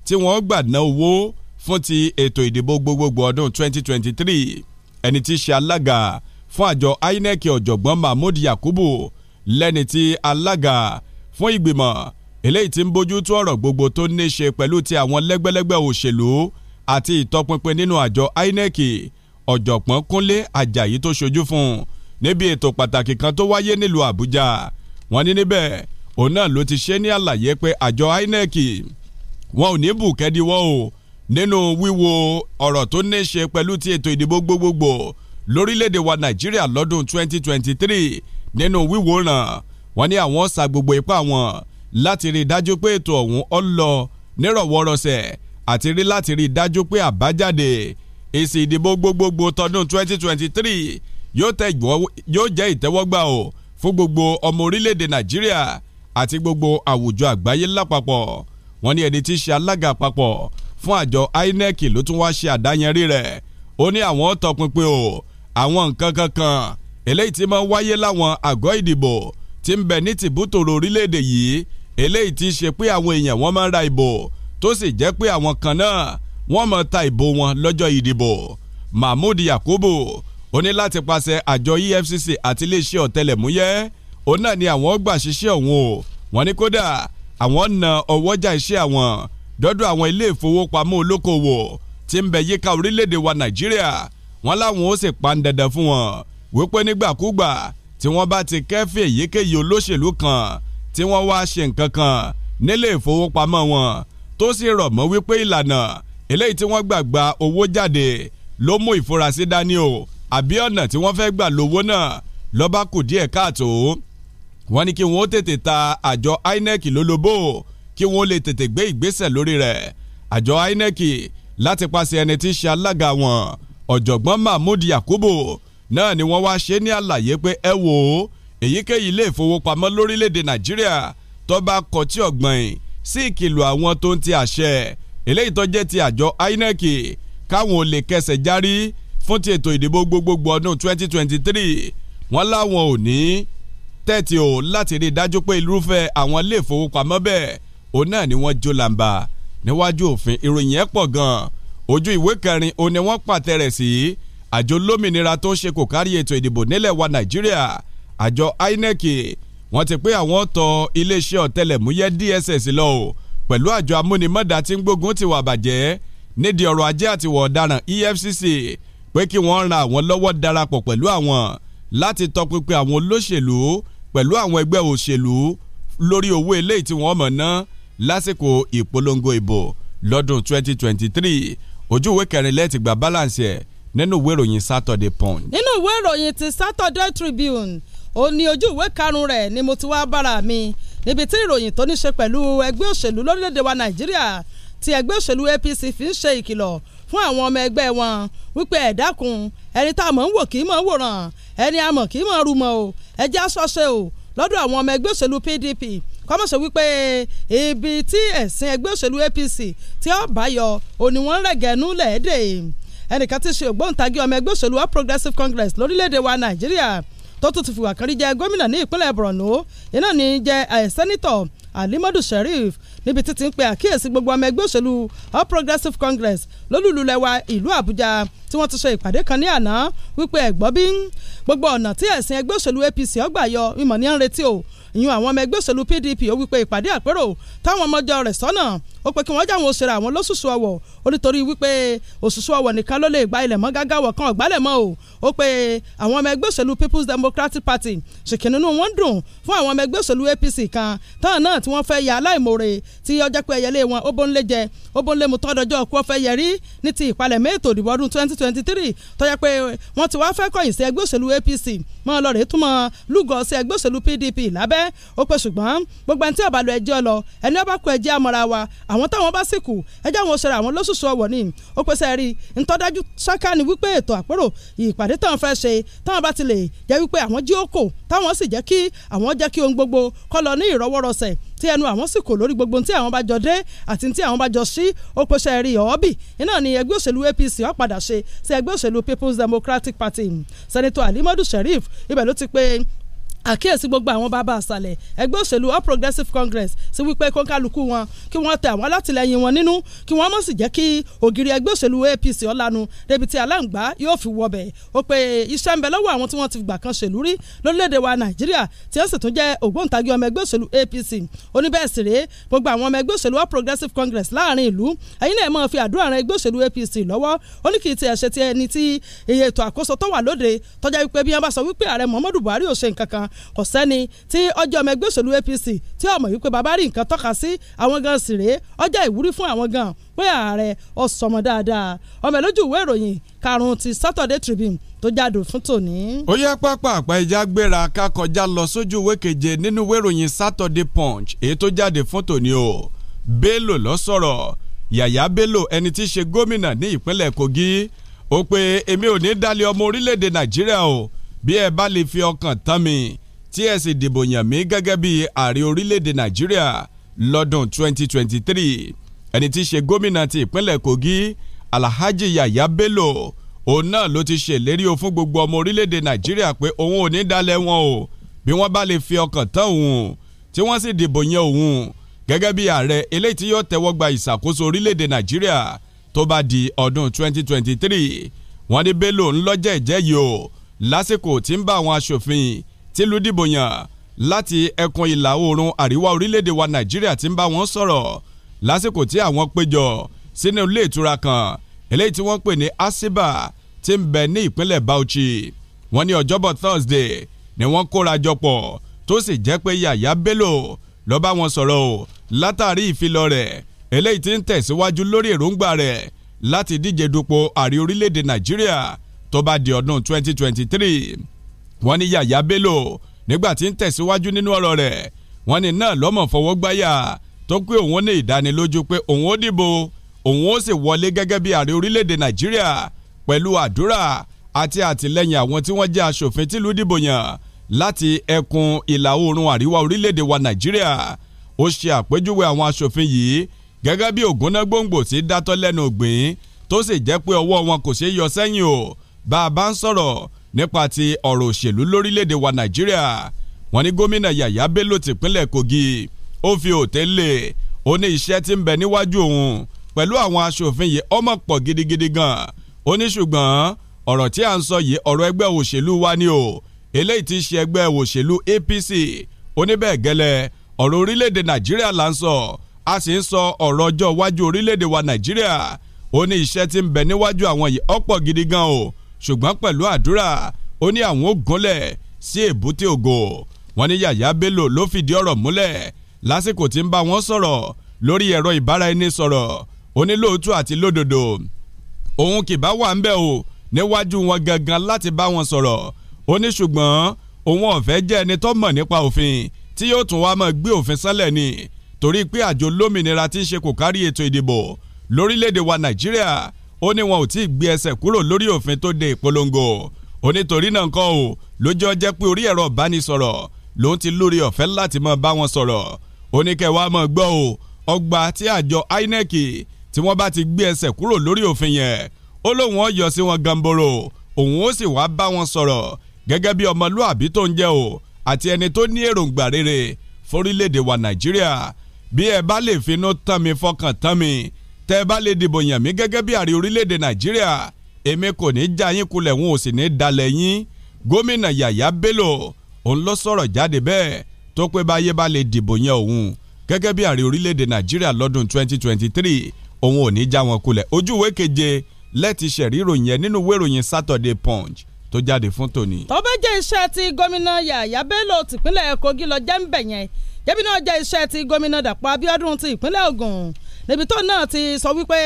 [SPEAKER 1] tí wọ́n gbà ná owó fún ti ètò ìdìbò gbogbogbò ọdún 2023 ẹni tí í ṣe alága fún àjọ INEC ọ̀jọ̀gbọ́n Mahmood Yakubu lẹ́ni tí alága fún ìgbìmọ̀ eléyìí tí ń bójú tó ọ̀rọ̀ gbogbo tó ní ṣe pẹ̀lú ti àwọn lẹ́gbẹ́lẹ́gbẹ́ òṣèlú àti ìtọpinpin nínú àjọ INEC ọ̀jọ̀gbọ́n Kúnlé Àjàyí tó ṣojú fún un níbi ètò pàtàkì kan tó wáyé nílùú Àbújá wọ́n ní níbẹ̀ òun náà ló ti ṣe ní àlàyé pé àjọ INEC wọn ò ní bùkẹ́díwọ́ o nínú wíwo ọ̀rọ̀ tó ní ṣe pẹ̀lú ti ètò ìdìbò gbogbogbò lórílẹ̀‐èdè wa Nàìjíríà lọ́dún 2023 nínú wíwo ràn wọ́n ní àwọn sa gbogbo ipá wọn láti rí i dájú pé ètò ọ̀hún ó lọ nírọ̀wọ́rọsẹ̀ àti rí láti rí i dájú pé àbájáde èsì ìdìbò gbogbogbò tọdún 2023 yóò jẹ́ ìtẹ́wọ́gbà o fún gbogbo ọmọ orílẹ̀‐èdè Nàìjíríà àti gbogbo àwùjọ àgbáyé lápapọ̀ wọ́n ní ẹni tí í ṣe alága àpapọ̀ fún àjọ INEC ló tún wá ṣe àdáyẹnrí rẹ̀ ó ní àwọn tọpinpin o àwọn nǹkan kankan eléyìí tí máa ń wáyé láwọn àgọ́ ìdìbò tí ń bẹ ní tìbútòrò orílẹ̀-èdè yìí eléyìí tí í ṣe pé àwọn èèyàn wọ́n máa ń ra ìbò tó sì jẹ́ pé àwọn kan náà wọ́n máa ta ìbò wọn lọ́jọ́ ìdìbò Mahmood Yakubu ó ní láti pàṣẹ àjọ EFCC àti iléeṣẹ́ ọ̀tẹlẹ̀múyẹ́ òun náà ni àwọn gbà ṣiṣẹ́ òun o wọ́n ní kódà àwọn na ọwọ́jà iṣẹ́ àwọn dọ́dọ̀ àwọn ilé ìfowópamọ́ olókoòwò tí ń bẹ yíká orílẹ̀-èdè wa Nàìjíríà wọ́n láwọn ó sì pa ń dandan fún wọn wípé nígbàkúgbà tí wọ́n bá ti kẹ́fì èyíkéyìí olóṣèlú kan tí wọ́n wá ṣe nǹkan kan nílé ìfowópamọ́ wọn tó sì rọ̀ mọ́ wípé ìlànà eléyìí tí wọ́n gbàgbà owó jáde ló mú ìfurasí dání o àbí ọ̀nà tí wọ́n fẹ́ gbà lówó náà ló bá kù díẹ̀ káàtó wọ́n ní kí wọ́n tètè ta àjọ INEC lólobó kí wọ́n lè tètè gbé ìgbésẹ̀ lórí rẹ̀ àjọ INEC láti paṣẹ ẹni tí í ṣe alága wọn ọ̀jọ̀gbọ́n Mahmood Yakubu náà ni wọ́n wá ṣe ní àlàyé pé ẹ wò ó èyíkéyìí ilé ìfowópamọ́ lórílẹ̀‐èdè Nàìjíríà tó bá kọtí ọ̀gbìn sí ìkìlọ̀ àwọn tó ń ti àṣẹ eléyìí tó ti àjọ INEC káwọn ò lè kẹsẹ̀ járí fún ti ètò ìdìbò gbogbogbò ọdún 2023 wọ́n láwọn ò ní tẹ́tí o láti rí i dájú pé irúfẹ́ àwọn ilé ìfowópamọ́ bẹ́ẹ̀ òun náà ni wọ́n jó làǹbà níwájú òfin ìròyìn ẹ̀ pọ̀ gan-an ojú ìwé kẹrin òun ni wọ́n pàtẹ rẹ̀ sí àjọ lómìnira tó ń ṣe kò kárí ètò ìdìbò nílẹ̀ wa Nàìjíríà àjọ INEC wọ́n ti pé àwọn tọ iléeṣẹ́ ọ̀tẹlẹ̀múyẹ́ DSS lọ o pẹ̀lú àjọ amúnimọ́dà tí ń gbógun ti wà bàjẹ́ nídìí ọ̀rọ̀ ajé àti ìwà ọ̀daràn EFCC pé kí wọ́n ran àwọn lọ́wọ́ darapọ̀ pẹ̀lú àwọn láti tọpinpin àwọn olóṣèlú pẹ̀lú àwọn ẹgbẹ́ òṣèlú lórí owó eléyìí tí wọ́n mọ̀ ná lásìkò ìpolongo ìbò lọ́dún 2023 ojú ìwé kẹrìnlẹ́ ti gba balance ẹ̀ nínú ìwé ìròyìn Saturday Punch.
[SPEAKER 6] nínú ìwé ìròyìn ti Saturday Tribune ó ní ojú ìwé karùn-ún rẹ̀ ni mo ti wá bára mi níbi tí ìròyìn tó ní ṣe pẹ̀lú ẹgbẹ́ òṣèlú lórílẹ̀‐èdè wa Nàìjíríà tí ẹgbẹ́ òṣèlú APC fi ń ṣe ìkìlọ̀ fún àwọn ọmọ ẹgbẹ́ wọn wípé ẹ dákun ẹni tá a mọ̀ ń wò kì í mọ̀ ń wòran ẹni a mọ̀ kì í mọ̀ ń rumọ̀ o ẹ já sọ́ọ̀ṣẹ́ o lọ́dọ̀ àwọn ọmọ ẹgbẹ́ òṣèlú PDP kọ́mọ̀sọ wípé ibi tí ẹ̀sìn ẹgbẹ́ òṣèlú APC tí ó bá yọ òní wọ́n rẹ̀gẹ̀ẹ́nú lẹ́ẹ̀dẹ̀ ẹnìkan tí ṣe ògbóǹtagì ọmọ ẹgbẹ́ òṣèlú All Progressives Congress lórílẹ̀‐èdè wa Nàìjíríà tó tún ti fìwà kan rí jẹ gómìnà ní ìpínlẹ̀ Borno iná ní jẹ eh, sẹ́nitọ̀ Alimadu Sheriff níbi títí ń pe àkíyèsí gbogbo ọmọ ẹgbẹ́ òṣèlú All Progressives Congress lólùlùlẹ̀wà ìlú Àbújá tí wọ́n ti ṣe ìpàdé kan ní àná wípé ẹ̀gbọ́n bí gbogbo ọ̀nà tí ẹ̀sìn ẹgbẹ́ òṣèlú APC ọgbà yọ ìmọ̀ ní ń retí o ìyún àwọn ọmọ ẹgbẹ́ òṣèlú PDP ó wípé ìpàdé àpérò táwọn ọmọjọ rẹ̀ sọ́nà ó pé kí wọ́n jáwọn òṣèré àwọn lóṣùṣù ọwọ̀ ó nítorí wípé òṣùṣù ọwọ̀ nìkan ló lè gba ilẹ̀ mọ́ gágá wọ̀ kan ọ̀gbálẹ̀ mọ́ o ó pé àwọn ọmọ ẹgbẹ́ òṣèlú People's Democratic Party ṣèkìnnì inú wọn dùn fún àwọn ọmọ ẹgbẹ́ òṣèlú APC kan táwọn náà tí wọ́n fẹ́ yà aláìmoore tí ọjọ́ pé ẹyẹlé wọn ó bó ń lé jẹ ó bó ń lé mu tọ́dọ̀jọ́ kú ọ̀fẹ́ yẹrí ní ti ìpalẹ̀mọ́ ètò ìdìbò ọdún 2023 tọ́jà pé wọ́n ti wá fẹ́ kọ̀yìn sí ẹgbẹ́ òṣèlú APC mọ́ ọlọ́rẹ̀ túmọ̀ lúgọ sí ẹgbẹ́ òṣèlú PDP lábẹ́ ó pé ṣùgbọ́n gbogbo ẹni tí ọ̀bàlù ẹjẹ́ lọ ẹni ọba kú ẹjẹ́ àmọ́ra wa àwọn táwọn bá sì kù ẹjẹ́ àwọn ṣẹlẹ̀ àwọn lóṣooṣù ọ̀wọ̀ ni ó pèsè rí ntọ́dájú ṣáká ni wípé ètò àpérò ìpàdé táwọn fẹ́ ṣe táwọn bá ti lè jẹ́ wípé àwọn jí ó kò táwọn sì jẹ́ kí àwọn jẹ́ kí ohun gbogbo kọ́ lọ ní ìrọwọ́rọsẹ̀ tí ẹnu àwọn sì kò lórí gbogbo tí àwọn bá jọ dé àti tí àwọn bá jọ sí ó pèsè rí ọ̀ọ́bì iná ni ẹgbẹ́ òṣèlú APC wọ́n padà ṣe sí ẹgbẹ́ òṣèlú People's Democratic Party Senator Alimadu Sheriff ibẹ̀ ló ti pé àkíyèsí gbogbo àwọn bàbá àṣàlẹ̀ ẹgbẹ́ òṣèlú All Progressive Congress sí wípé kọ́ńkálukú wọn kí wọ́n tẹ àwọn alátìlẹyìn wọn nínú kí wọ́n mọ̀ sì jẹ́ kí ògiri ẹgbẹ́ òṣèlú APC ọ̀lànà débi tí aláǹgbá yóò fi wọbẹ̀ ó pe iṣẹ́ ń bẹ lọ́wọ́ àwọn tí wọ́n ti gbà kan ṣèlú rí lórílẹ̀‐èdè wa Nàìjíríà tí ó sì tún jẹ́ ògbóǹtagì ọmọ ẹgbẹ́ òṣèlú APC oníbẹ̀ẹ́sìrè gbogbo àwọn ọmọ ẹgbẹ́ òṣèlú All Progressives Congress láàrin ìlú ẹ̀yin náà máa fi àdúrà ran ẹgbẹ́ òṣèlú APC lọ́wọ́ ó ní kì ti ẹ̀ṣẹ̀ ti ẹni tí ètò àkóso tó wà lóde tọ́jà wípé bí wọ́n bá sọ wípé kò sẹ́ni tí ọjọ́ ọmọ ẹgbẹ́ òṣèlú APC tí ọmọ yìí pé bàbá rí nǹkan tọ́ka sí àwọn gan sì rèé ọjọ́ ìwúrí fún àwọn gan pé ààrẹ ọ̀sọ̀mọ̀ dáadáa ọmọ ìlójú ìwé ìròyìn karùn ti Saturday Tribune tó jáde fún tòní.
[SPEAKER 1] ó yẹ pápá àpá ìjà gbéra ká kọjá lọ sójú ìwé keje nínú ìwé ìròyìn Saturday Punch èyí tó jáde fún tòní o Bello lọ sọ̀rọ̀ Yàyà Bello ẹni tí í ṣe gómìnà ní ìpínlẹ̀ Kogi ó pé èmi ò ní dálé ọmọ orílẹ̀ Nàìjíríà o bí ẹ bá lè fi ọkàn tán mi tí ẹ sì dìbò yàn mí gẹ́gẹ́ bí ààrẹ orílẹ̀-èdè nàìjíríà lọ́dún 2023 ẹni tí í ṣe gómìnà ti ìpínlẹ̀ kogi alhaji yaya bello òun náà ló ti ṣèlérí o fún gbogbo ọmọ orílẹ̀-èdè nàìjíríà pé òun ò ní dalẹ̀ wọn o bí wọ́n bá lè fi ọkàn tán òun tí wọ́n sì dìbò yan òun gẹ́gẹ́ bí ààrẹ eléyìí tí yóò tẹ́wọ́ gba ìṣàkóso orílẹ̀-èdè nàìjíríà tó bá di ọdún 2023 wọ́n ní bello ńlọ́jẹ̀ ìjẹ́ yìí o lásìkò tí ń bá àwọn aṣòfin tìlú dìbò yàn láti ẹkùn ìlà oòrùn àríwá orílẹ̀-èdè wa nàìjíríà ti ń bá wọn sọ̀rọ̀ lásìkò tí àwọn péjọ sínú ilé ìtura kan eléyìí tí wọ́n pè ní asiba ti ń bẹ ní ìpínlẹ̀ Bauchi wọ́n ní ọjọ́bọ̀ Thursday ni wọ́n kóra jọpọ̀ tó sì jẹ́ pé Yàyà Bello ló bá wọn sọ̀rọ̀ o látàrí ìfilọ̀ rẹ̀ eléyìí tí ń tẹ̀síwájú lórí èròǹgbà rẹ̀ láti díje dupò ààrẹ orílẹ̀-èdè Nàìjíríà tó bá di ọdún 2023 wọ́n ní Yàyà Bello nígbà tí ń tẹ̀síwájú nínú ọ̀rọ̀ rẹ̀ wọ́n ní náà lọ́mọ̀ fọwọ́ gbáyà tó pé òun ní ìdánilójú pé òun ó dìbò òun ó sì wọlé gẹ́gẹ́ bí ààrẹ orílẹ̀-èdè Nàìjíríà pẹ̀lú àdúrà àti àtìlẹ́yìn àwọn tí wọ́n jẹ́ aṣòfin tìlú dìbò yàn láti ẹkùn ìlà oòrùn àríwá orílẹ̀-èdè wa Nàìjíríà ó ṣe àpèjúwe àwọn aṣòfin yìí gẹ́gẹ́ bí ògúnná gbòǹgbò tí dátọ́ lẹ́nu ògbìn tó sì jẹ́ pé ọwọ́ wọn kò ṣeé yọ sẹ́yìn o bá a bá ń sọ̀rọ̀ nípa ti ọ̀rọ̀ òṣèlú lórílẹ̀‐èdè wa nàìjíríà wọ́n ní gómìnà yàyà bello tìpínlẹ̀ kogi ó fi òtẹ́ lé ó ní iṣẹ́ tí ń bẹ níwájú òun pẹ̀lú àwọn aṣòfin yìí ọmọ pọ̀ gidigidi gan ó ní ṣùgbọ́n ọ̀rọ̀ tí à ń sọ yìí ọ̀rọ̀ ẹgbẹ́ òṣèlú wa ni o eléyìí ti ṣe ẹgbẹ́ òṣèlú APC ó ní bẹ́ẹ̀ gẹ́lẹ́ ọ̀rọ̀ orílẹ̀-èdè nàìjíríà là ń sọ a sì ń sọ ọ̀rọ̀ ọjọ́ iwájú orílẹ̀-èdè wa nàìjíríà ó ní iṣẹ́ tí ń bẹ níwájú àwọn yìí ọ̀pọ̀ gidi o ṣùgbọ́n pẹ̀lú àdúrà ó ní àwọn ó gúnlẹ̀ sí èbúté ògo wọ́n ní Yàyà Bello ló fìdí ọ̀rọ̀ múlẹ̀ lásìkò tí ń bá wọn sọ̀rọ̀ lórí ẹ̀rọ ìbáraẹnisọ̀rọ̀ ó ní lóòótọ́ àti lódodo òun kì bá wà ń bẹ̀ o níwájú wọn gangan láti bá wọn sọ̀rọ̀ ó ní ṣùgbọ́n òun ọ̀fẹ́ jẹ́ ẹni tó mọ̀ nípa òfin tí yóò tún wá máa gbé òfin sánlẹ̀ ni torí pé àjọ lómìnira tí ń ṣe kò kárí ètò ìdìbò lórílẹ̀‐èdè wa Nàìjíríà ó ní wọn ò tí ì gbé ẹsẹ̀ kúrò lórí òfin tó de ìpolongo ó nítorí náà nǹkan o lójó jẹ́ pé orí ẹ̀rọ ìbánisọ̀rọ̀ lòun ti lórí ọ̀fẹ́ láti máa bá wọn sọ̀rọ̀ ó ní gbọ́ o ọgbà tí àjọ INEC tí wọ́n bá ti gbé ẹsẹ̀ kúrò lórí òfin yẹn ó lóun ó yọ sí wọn gamboro òun ó sì wá bá wọn sọ̀rọ̀ gẹ́gẹ́ bí ọmọlúàbí tó ń jẹ́ o àti ẹni tó ní èròǹgbà rere forílẹ̀-èdè wa Nàìjíríà bí ẹ bá lè finú tán mi fọkàn tán mi tẹ́ ẹ bá lè dìbò yàn mí gẹ́gẹ́ bí ààrẹ orílẹ̀-èdè nàìjíríà èmi kò ní já yín kulẹ̀ wọn ò sì ní dalẹ̀ yín gómìnà yàyà bello òun ló sọ̀rọ̀ jáde bẹ́ẹ̀ tó pé báyé bá lè dìbò yàn òun gẹ́gẹ́ bí ààrẹ orílẹ̀-èdè nàìjíríà lọ́dún 2023 òun ò ní já wọn kulẹ̀ ojú ìwé keje lẹ́ẹ̀tì sẹ̀rí ìròyìn nínú ìwé Saturday Punch tó jáde fún tòní.
[SPEAKER 6] tó bá jẹ́ iṣẹ́ ti gómìnà yàyà bello tìpínlẹ̀ kogi lọ jẹ́ ń bẹ̀ yẹn jẹ́bi náà jẹ́ iṣẹ́ ti gómìnà dàpọ̀ abíọ́dún ti ìpínlẹ̀ ògùn níbi tó náà ti sọ wípé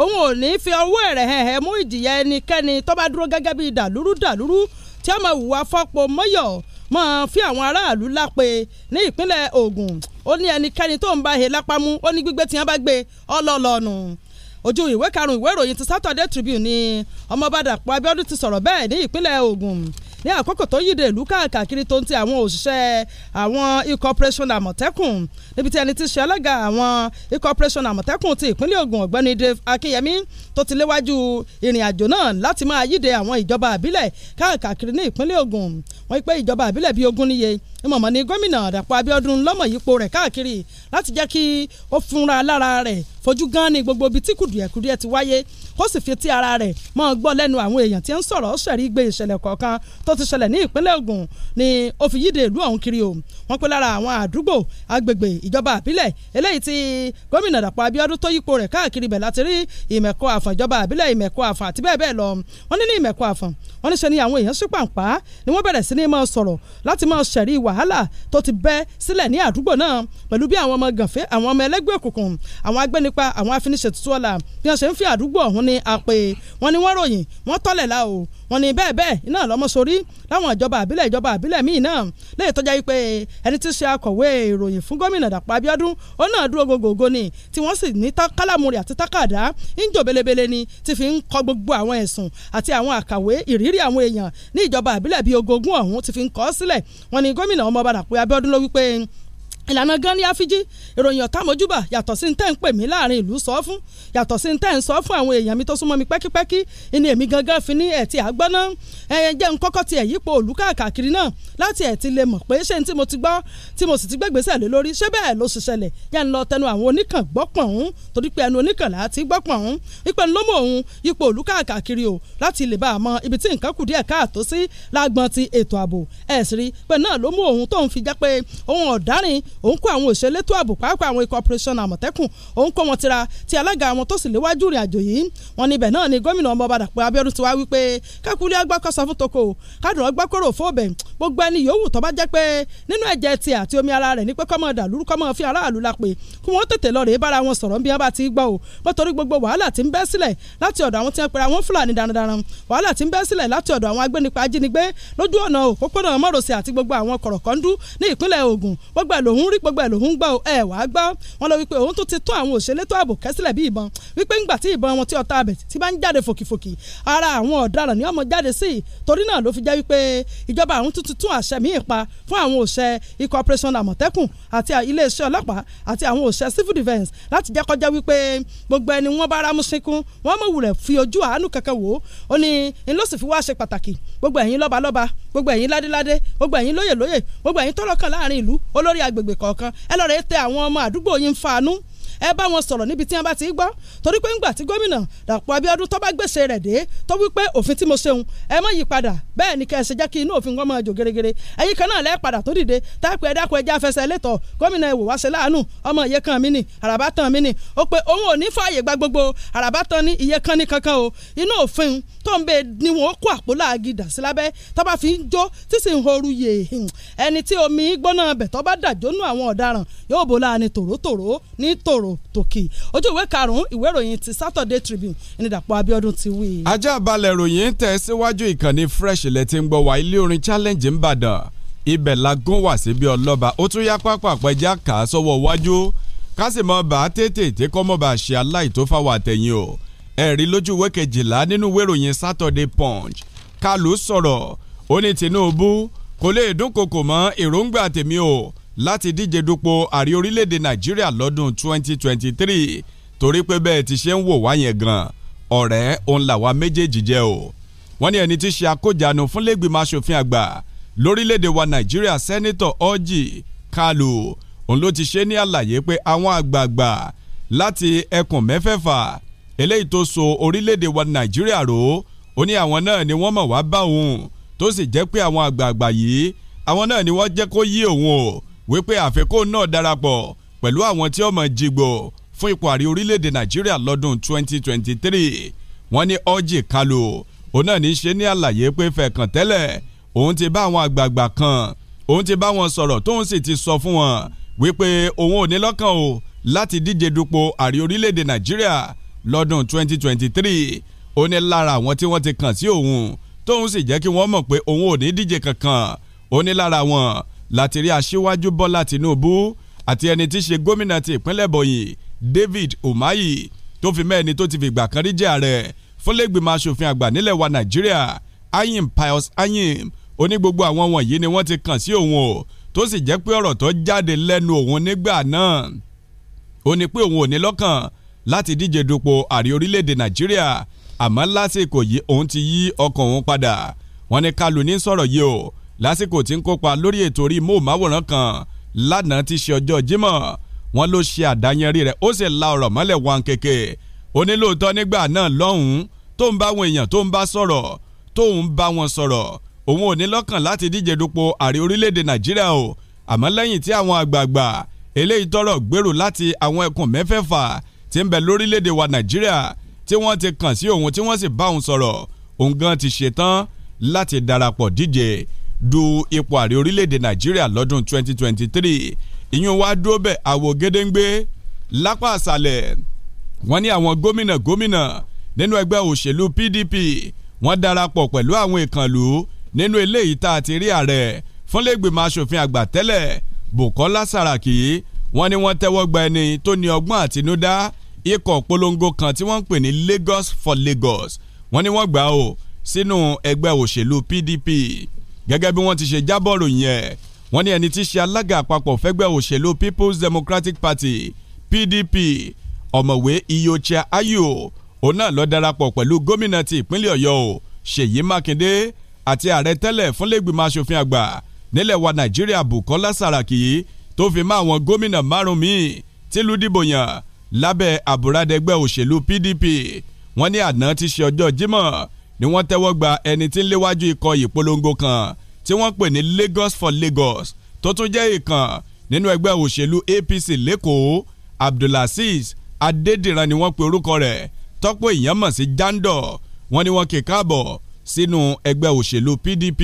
[SPEAKER 6] òun ò ní fi ọwọ́ ẹ̀rẹ̀ hẹ̀ hẹ̀ mú ìjìyà ẹnikẹ́ni tó bá dúró gẹ́gẹ́ bí dàlúrú dàlúrú tí ó máa hùwà fọ́pọ̀ mọ́yọ̀ máa fi àwọn aráàlú lápè ní ìpínlẹ̀ ogun ó ní ẹnikẹ́ni tó ń bá he lápámú ó ní gbígbé tí wọ́n bá gbé ọlọ́lọ́nu ojú ìwé karùn-ún ìwé ìròyìn ti Saturday Tribune ni ọmọọba Dàpọ̀ Abíọ́dún ti sọ̀rọ̀ bẹ́ẹ̀ ní ìpínlẹ̀ Ògùn ní àkókò tó yíde ìlú káàkiri tó ń ti àwọn òṣìṣẹ́ àwọn ikọ̀ operation àmọ̀tẹ́kùn níbi tí ẹni tí ṣe alága àwọn ikọ̀ operation àmọ̀tẹ́kùn ti ìpínlẹ̀ Ògùn ọ̀gbẹ́ni Dave Akínyẹmí tó ti léwájú ìrìn àjò náà láti máa yíde àwọn ìjọba àbílẹ̀ káàkiri ní ìpínlẹ̀ Ògùn wọ́n pé ìjọba àbílẹ̀ bíi ogún níye mọ̀mọ́ ni gómìnà Dàpọ̀ Abíọ́dún lọ́mọ̀ yípo rẹ̀ káàkiri láti jẹ́ kí ó fúnra lára rẹ̀ fojú gan ni gbogbo ibi tí kùdìẹ̀kùdìẹ̀ ti wáyé ó sì fi ti ara rẹ̀ mọ́ gbọ́ lẹ́nu àwọn èèyàn tí ń sọ̀rọ̀ ṣẹ̀rí gbé ìṣẹ̀lẹ̀ kọ̀ọ̀kan tó ti ṣẹlẹ̀ ní ìpínlẹ̀ Ògùn ni ó fi yíde ìlú ọ̀hún kiri o wọ́n pe lára àwọn àdúgbò agbègbè ìjọba àbílẹ̀ eléyìí tí gómìnà Dàpọ̀ Abíọ́dún tó yípo rẹ̀ káàkiri bẹ̀ láti rí ìmẹ̀kọ àfọ̀n ìjọba àbílẹ̀ ìmẹ̀kọ àfọ̀n àti bẹ́ẹ̀ bẹ́ẹ̀ lọ wọ́n ní ní ìmẹ̀kọ àfọ̀n wọ́n ní ṣe ni àwọn èèyàn ṣípàǹpá ni wọ́n bẹ̀rẹ̀ sí ní máa sọ̀rọ̀ láti máa ṣẹ̀rí ìwà wàhálà tó ti bẹ́ sílẹ̀ ní àdúgbò náà pẹ̀lú bí àwọn ọmọ gànfẹ́ àwọn ọmọ ẹlẹ́gbẹ́ òkùnkùn àwọn agbẹnipa àwọn afiniṣètùtù ọ̀la bí wọ́n ṣe ń fi àdúgbò ọ̀hún ní apè wọ́n ní wọ́n ròyìn wọ́n tọ́lẹ̀ la o wọ́n ní bẹ́ẹ̀ bẹ́ẹ̀ iná lọ́mọ sórí láwọn ìjọba àbílẹ̀ ìjọba àbílẹ̀ míì náà lè tọ́já yìí pé ẹni tí ń ṣe akọ̀wé ìròyìn fún gómìnà Dàpọ̀ Abíọ́dún ó náà dúró gògògò ni tí wọ́n sì ní kálámù rẹ̀ àti tákàdá ń jò belebele ni ti fi ń kọ gbogbo àwọn ẹ̀sùn àti àwọn àkàwé ìrírí àwọn èèyàn ní ìjọba àbílẹ̀ bíi ogógún ọ̀hún ti fi ń kọ sílẹ̀ wọ́n ní gómìnà ọmọọba Dàpọ̀ Abíọ́dún ló wí pé ìlànà gan ni àfijí ìròyìn ọ̀tá mojúbà yàtọ̀ sí tẹ́ ń pè mí láàrin ìlú sọ fún yàtọ̀ sí tẹ́ ń sọ fún àwọn èèyàn mi tó súnmọ́ mi pẹ́kípẹ́kí ìní èmi gangan fi ní ẹ̀tì àgbọ́ná ẹ̀yẹn jẹ́ ń ti ẹ̀yípo òlú káàkiri náà láti ẹ̀tì lè mọ̀ pé ṣé tí mo ti gbọ́ tí mo sì ti gbẹ́gbẹ́sẹ̀ lé lórí ṣé bẹ́ẹ̀ ló ṣiṣẹlẹ̀ yà ń lọ tẹnu àwọn oníkàn gbọ́pọ̀n òun torí pé ẹnu oníkàn láti gbọ́pọ̀n òun ipò ńlọ́mọ òun ipò òlú káàkiri o láti lè bá a mọ ibi tí nǹkan kù díẹ̀ òun kó àwọn òṣèlétò ààbò pàápàá àwọn ikọ̀ operation àmọ̀tẹ́kùn òun kó wọn tira tí alága àwọn tó sì léwájú rìn àjò yìí wọn níbẹ̀ náà ni gómìnà ọmọọba Dàpọ̀ Abíọ́dún ti wá wípé kákúlé agbákọ́ sọ fún toko kádùn ọgbákòrò fóòbẹ̀ gbogbo ẹni yòówù tó bá jẹ́ pé nínú ẹ̀jẹ̀ tiẹ̀ àti omi ara rẹ̀ ní pé kọ́mọ dàlúrú kọ́mọ fi aráàlú la pé kí wọ́n tètè lọ rèé bára wọn sọ̀rọ̀ bí wọ́n bá ti gbọ́ o mọ́tòrí gbogbo wàhálà ti ń bẹ́ sílẹ̀ láti ọ̀dọ̀ àwọn tí wọ́n pera wọn Fúlàní darandaran wàhálà ti ń bẹ́ sílẹ̀ láti ọ̀dọ̀ àwọn agbẹnipa ajínigbé lójú ọ̀nà òpópónà mọ́rọ̀sẹ̀ àti gbogbo àwọn kọ̀rọ̀kọ́ndú ní ìpínlẹ̀ Ògùn gbogbo ẹ̀ lòún lórí gbogbo ẹ̀ lòún gbọ́ ẹ̀ wá gbọ́ wọn lọ wípé òun tó ti tún àwọn òṣèlè tó ààbò kẹ́sílẹ̀ bí ìbọn wípé ńgbà tí ìbọn wọn tí ọ̀tá abẹ̀ ti bá ń jáde fòkìfòkì ara àwọn ọ̀daràn ni ọmọ jáde sí torí náà ló fi jẹ́ wípé ìjọba àwọn tuntun tún àṣẹ míì pa fún àwọn òṣẹ ikọ̀ operation àmọ̀tẹ́kùn àti iléeṣẹ́ ọlọ́pàá àti àwọn òṣẹ civil defence láti jẹ́ kọjá wípé gbogbo ẹni wọ́n bá rámú sínkún wọ́n mọ̀ wùrẹ̀ fi ojú àánú kankan wò ó ó ní ńlọ́sìn fi wá ṣe pàtàkì gbogbo ẹ̀yin lọ́balọ́ba gbogbo ẹ̀yin ládéládé gbogbo ẹ̀yin lóyè lóyè gbogbo ẹ̀yin tọ́lọ́kàn láàrin ìlú olórí agbègbè kọ̀ọ̀kan ẹ lọ́ọ́ rẹ̀ tẹ àwọn ọmọ àdúgbò yín ń fa anú ẹ bá wọn sọ̀rọ̀ níbi tí wọ́n bá ti gbọ́ torí pé ńgbà tí gómìnà Dàpọ̀ Abíọ́dún tó bá gbèsè rẹ̀ dé tó wí pé òfin tí mo ṣeun ẹ má yí padà bẹ́ẹ̀ ni kẹsì jẹ́ kí inú òfin wọn máa jò gèrègèrè ẹ̀yin kan náà lẹ́ẹ̀ padà tó dìde táàpẹ́ ẹ̀dáko ẹja fẹsẹ̀ létọ̀ gómìnà ẹ̀wò wá ṣe láàánú ọmọ iye kan mi ni àràbá tán mi ni ó pe òun ò ní fààyè gba gbogbo àràbá tán ní iye kan ní kankan o inú òfin tó ń bẹ ni wọn ó kó àpò láàgì dà sí lábẹ́ tó bá fi ń jó tí sì ń horu yè ẹni tí omi gbóná bẹ̀ tó bá dàjó nú àwọn ọ̀daràn yóò bó láàánú tòrótòró ní tòró tòkì ojú ìwé karùn-ún ìwé ìròyìn ti Saturday Tribune ẹni Dàpọ̀ ti wí.
[SPEAKER 1] ajá balẹ̀ ìròyìn tẹ̀ síwájú ìkànnì fresh lẹ ti ń gbọ́ wá ilé orin challenge ń bàdàn ibẹ̀ la gún wá síbi ọlọ́ba ó tún yá pápá àpẹjá kà á sọ́wọ́ wájú kásìmọ́ bá tètè tí kọ́ mọ́ bá ṣe aláìtófáwọ̀ àtẹ̀yìn o ẹ̀rí lójú ìwé kejìlá nínú ìwé ìròyìn Saturday Punch Kalu sọ̀rọ̀ ó ní Tinubu kò lè dúnkokò mọ́ èròǹgbà tèmi o láti díje dupò ààrẹ orílẹ̀-èdè nàìjíríà lọ́dún 2023 torí pé bẹ́ẹ̀ ti ṣe ń wò wá yẹn gan ọ̀rẹ́ òun làwa méjèèjì jẹ́ o wọ́n ní ẹni tí ṣe akójànù fúnlẹ́gbìmọ̀ asòfin àgbà lórílẹ̀-èdè wa nàìjíríà sẹ́nitọ̀ ọ́jì kálù òun ló ti ṣe ní àlàyé pé àwọn àgbààgbà láti ẹkùn mẹ́fẹ̀ẹ̀fà eléyìí tó so orílẹ̀-èdè wa nàìjíríà rò ó ní àwọn náà ni wọ́n mọ̀ wá bá òun tó sì jẹ́ pé àwọn àgbààgbà yìí àwọn náà ni wọ́n jẹ́ kó yí òun o wípé àfikún náà darapọ̀ pẹ̀lú àwọn tí ọmọ jìgbò fún ipò àrí orílẹ̀-èdè nàìjíríà lọ́dún 2023 wọ́n ní ọ́jì kalu òun náà ní ṣe ní àlàyé pé fẹ̀kàn tẹ́lẹ̀ òun ti bá àwọn àgbààgbà kan òun ti bá wọn sọ̀rọ̀ tóun sì ti sọ fún wọn wípé òun ò ní lọ́kàn o láti díje dupò àrí orílẹ̀-èdè nàìjíríà lọ́dún 2023 ó ní lára àwọn tí wọ́n ti kàn sí òun tóun sì jẹ́ kí wọ́n mọ̀ pé òun ò ní díje kankan ó ní lára wọn láti rí aṣíwájú bọ́lá tìǹbù àti ẹni tí í ṣe gómìnà ti ìpínlẹ̀ bọ̀yìn david umahi tó fi mẹ́ẹ̀ni tó ti fìgbà kan rí jẹ́ ààrẹ fúnlẹ́gbìmọ̀ asòfin àgbà nílẹ̀ wa nàìjíríà ayim pius ayim oní gbogbo àwọn wọ̀nyí ni wọ́n ti kàn sí òun o tó sì jẹ́ pé ọ̀rọ̀ tó jáde lẹ́nu òun nígbà náà ó ní pé òun ò ní lọ́kàn láti díje dupò ààrẹ orílẹ̀-èdè nàìjíríà àmọ́ lásìkò yìí òun ti yí ọkàn òun padà wọ́n ní kálù ní sọ̀rọ̀ yìí o lásìkò tí ń kópa lórí ètò orí móhùnmáwòrán kan lánàá ti ṣe ọjọ́ Jímọ̀ wọn ló ṣe àdáyẹnrí rẹ̀ ó sì la ọ̀rọ̀ mọ́lẹ̀ wọn kéke onílòótọ́ nígbà náà lọ́hùn-ún tó ń bá àwọn èèyàn tó ń bá sọ̀rọ̀ tó ń bá wọn sọ̀rọ̀ òun ò ní lọ́kàn láti díje dupò ààrẹ orílẹ̀-èdè Nàìjíríà o àmọ́ lẹ́yìn tí àwọn àgbààgbà eléyìí tọ́rọ̀ gbèrò láti àwọn ẹkùn mẹ́fẹ̀ẹ̀fà tí ń bẹ lórílẹ̀-èdè wa Nàìjíríà tí wọ́n ti kàn sí òun tí wọ́n sì bá òun sọ̀rọ̀ òun gan ti ṣetán láti darapọ̀ díje du ipò ààrẹ orílẹ̀-èdè nàìjíríà lọ́dún 2023 ìyún wa dúró bẹ́ẹ̀ àwò gédéǹgbé lápá àṣàlẹ̀ wọ́n ní àwọn gómìnà gómìnà nínú ẹgbẹ́ òṣèlú PDP wọ́n darapọ̀ pẹ̀lú àwọn ìkànlú nínú eléyìí tá a ti rí ààrẹ fúnlẹ́gbìmọ̀ asòfin àgbà tẹ́lẹ̀ Bùkọ́lá Sàràkí wọ́n ní wọ́n tẹ́wọ́ gba ẹni tó ní ọgbọ́n àtinúdá ikọ̀ polongo kan tí wọ́n ń pè ní Lagos for Lagos wọ́n ní wọ́n gbà ó sínú ẹgbẹ́ òṣèlú PDP gẹ́gẹ́ bí wọ́n ti ṣe jábọ̀ ròyìn ẹ̀ wọ́n ní ẹni tí í ṣe alága àpapọ̀ fẹ́gbẹ́ òṣèlú People's Democratic Party PDP ọ̀mọ̀wé Iyochia Ayu òun náà lọ darapọ̀ pẹ̀lú gómìnà ti ìpínlẹ̀ Ọ̀yọ́ o Ṣèyí Mákindé àti ààrẹ tẹ́lẹ̀ fúnlẹ́gbìmọ̀ asòfin àgbà nílẹ̀ wa Nàìjíríà Bùkọ́lá Sàràkì tó fi mọ́ àwọn gómìnà márùn míì tìlú dìbò lábẹ́ àbúradẹgbẹ́ òṣèlú PDP wọ́n ní àná ti ṣe ọjọ́ Jímọ̀ ni wọ́n tẹ́wọ́ gba ẹni tí ń léwájú ikọ̀ ìpolongo kan tí wọ́n pè ní Lagos for Lagos tó tún jẹ́ ìkan nínú ẹgbẹ́ òṣèlú APC lẹ́kọ̀ọ́ Abdulaziz Adédìran ni wọ́n pe orúkọ rẹ̀ tọ́pọ̀ èèyàn mọ̀ sí Jandor wọ́n ní wọ́n kì í káàbọ̀ sínú ẹgbẹ́ òṣèlú PDP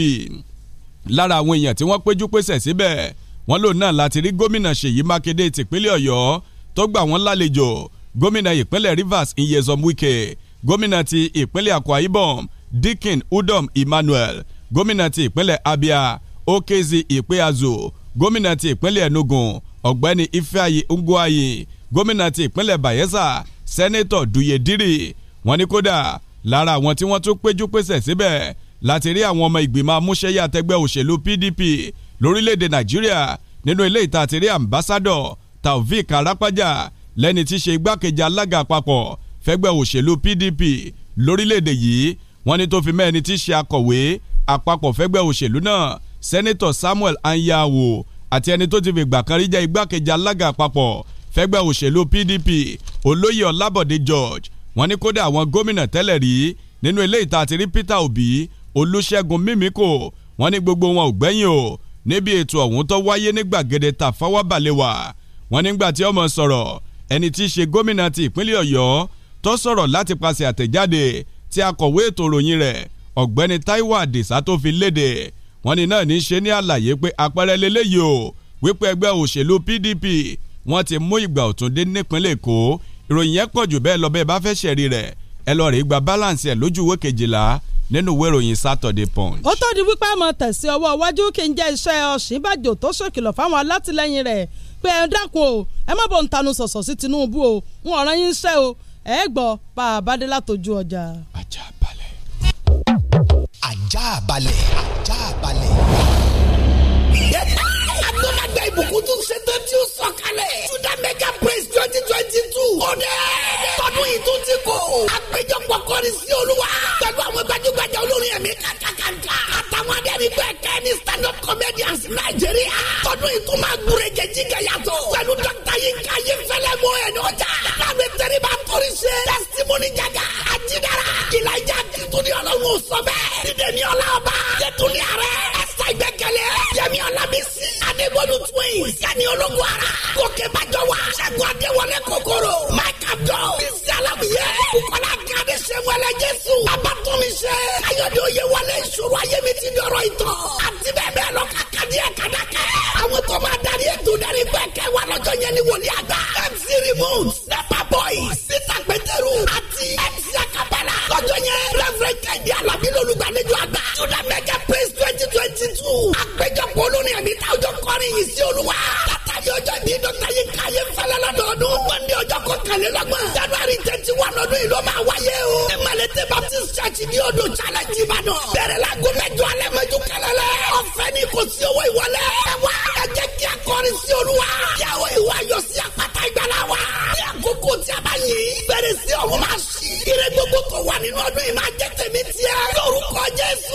[SPEAKER 1] lára àwọn èèyàn tí wọ́n péjú pésẹ̀ síbẹ̀ wọ́n lò náà láti rí gómìnà Ṣèyí Mákindé tìpínlẹ̀ Ọ̀yọ́ tó gbà wọ́n lálejò gómìnà ìpínlẹ̀ Rivers Nyesom Wike gómìnà ti ìpínlẹ̀ Akwa Ibom Dikin Udom Emmanuel gómìnà ti ìpínlẹ̀ Abia Okezi Ikpeazu gómìnà ti ìpínlẹ̀ Enugu ọ̀gbẹ́ni Ifeanyi Ungwuanyi gómìnà ti ìpínlẹ̀ Bayelsa sẹ́nẹ́tọ̀ Duyediri wọ́n ní kódà lára àwọn tí wọ́n tún péjú pèsè síbẹ̀ láti rí àwọn ọmọ ìgbìmọ̀ amúṣẹ́yà tẹgbẹ́ òṣèlú PDP lórílẹ̀‐èdè Nàìjíríà nínú ilé ìta àti rí ambassadọ̀ Taofik Arapaja lẹ́ni tí í ṣe igbákejì alága àpapọ̀ fẹ́gbẹ́ òṣèlú PDP lórílẹ̀‐èdè yìí wọ́n ní tó fi mẹ́ẹ̀ni tí í ṣe akọ̀wé àpapọ̀ fẹ́gbẹ́ òṣèlú náà sẹ́nẹ́tọ̀ Samuel Anyawo àti ẹni tó ti fi gbà kan rí jẹ́ igbákejì alága àpapọ̀ fẹ́gbẹ́ òṣèlú PDP olóyè Ọlábọ̀dé George wọ́n ní kódà àwọn gómìnà tẹ́lẹ̀ rí nínú ilé ìta àti rí Peter Obi Olúṣẹ́gun Mímíkò wọ́n ní gbogbo wọn ò gbẹ́yìn o níbi ètò ọ̀hún tó wáyé ní gbàgede Tafawa Balewa wọ́n nígbà tí ọmọ sọ̀rọ̀ ẹni tí í ṣe gómìnà ti ìpínlẹ̀ Ọ̀yọ́ tó sọ̀rọ̀ láti paṣẹ àtẹ̀jáde tí akọ̀wé ètò ìròyìn rẹ̀ ọ̀gbẹ́ni Taiwo Adisa tó fi léde wọ́n ní náà ní ṣe ní àlàyé pé àpẹẹrẹ lélẹ́yìí o wípé ẹgbẹ́ òṣèlú PDP wọ́n ti mú ìgbà ọ̀tún dé nípínlẹ̀ Èkó ìròyìn yẹn pọ̀ jù bẹ́ẹ̀ lọ bẹ́ẹ̀ bá fẹ́ ṣẹ̀rí rẹ̀ ẹ lọ rèé gba balance ẹ̀ lójú ìwé kejìlá nínú ìwé ìròyìn Saturday Punch.
[SPEAKER 6] ó tó di wípé àmọ́ tẹ̀sí ọwọ́ iwájú kí n jẹ́ iṣẹ́ Ọ̀ṣínbàjò tó ṣèkìlọ̀ fáwọn alátìlẹyìn rẹ̀ pé ẹ dákun ẹ má bọ̀ ń tanu sọ̀sọ̀ sí Tinubu o ń ọ̀ràn yín iṣẹ́ o ẹ gbọ́ bá a bá dé látọjú ọjà. ajá balẹ̀. ajá balẹ̀. ajá balẹ̀. Bukutu tún ṣe tán tí
[SPEAKER 5] juda mega praise twenty twenty two. ó dẹ́ tọdún yìí tún ti kò. àpéjọpọ̀ kọrin sí olúwa. pẹ̀lú àwọn gbajúgbajà olórin ẹ̀mí kàkàkàkà. àtàwọn adẹ́rìn bẹ́ẹ̀ kẹ́ ní stand up comedians nàìjíríà. tọdún yìí tún máa gbúre jẹjí gẹ̀yàtọ̀. pẹ̀lú dọ́kítà yìí ká yé fẹ́lẹ́ mọ́ ẹ̀ ní ọjà. láàbẹ tẹ̀rí bá torí ṣe. testimony jaga àtidara. ìlàjà kìtùnú ọlọ́run sọ bẹ́ẹ̀ olódù twins yanni ológun ara gòkè bàjọ́ wa sẹ́gun adéwọlé kòkòrò mike Abdo, bísí alábìyẹ bukola gade sẹ́wọ́lẹ̀ jésù babatunmi ṣe ayọ̀dẹ̀ oyè wọlé ìṣòro ayé mi ti dọ̀rọ̀ ìtọ̀ àti bẹ́ẹ̀ bẹ́ẹ̀ lọ kàkàdí ẹ̀ kàdákẹ́ àwọn tó máa darí ètò darí bẹ́ẹ̀ kẹ́ wà lọ́jọ́ yẹn ni wòlíì àgbà mc remote nepa boy sita gbẹdẹrù àti mc akabala lọ́jọ́ jésù. àpéjọpọ̀ olórin ẹ̀mí táwùjọ kọrin yìí sí olúwa. látàrí ọjọ́ ní dọ́kítà yìí káyé fẹ́lẹ́ lọ́dọọdún. wọ́n ní ọjọ́ kọkànlélọ́gbọ̀n. january twenty one ọdún yìí ló máa wáyé o. ẹ malete baptist church ní ọdún challenge ìbàdàn. bẹ̀rẹ̀ la gómẹjọ alẹ́ mẹ́jọ kẹlẹ́lẹ́. ọ̀fẹ́ ni kò sí owó ìwọlé. ẹ wá ẹ jẹ́ kí a kọrin sí olúwa. yàwó ìwà yọ sí àpáta wa. ní àkókò tí a bá yìn. bẹ̀rẹ̀ sí ọ̀hún máa ṣí. ire gbogbo tó wà nínú ọdún yìí máa jẹ́ tèmi tiẹ̀. lórúkọ jésù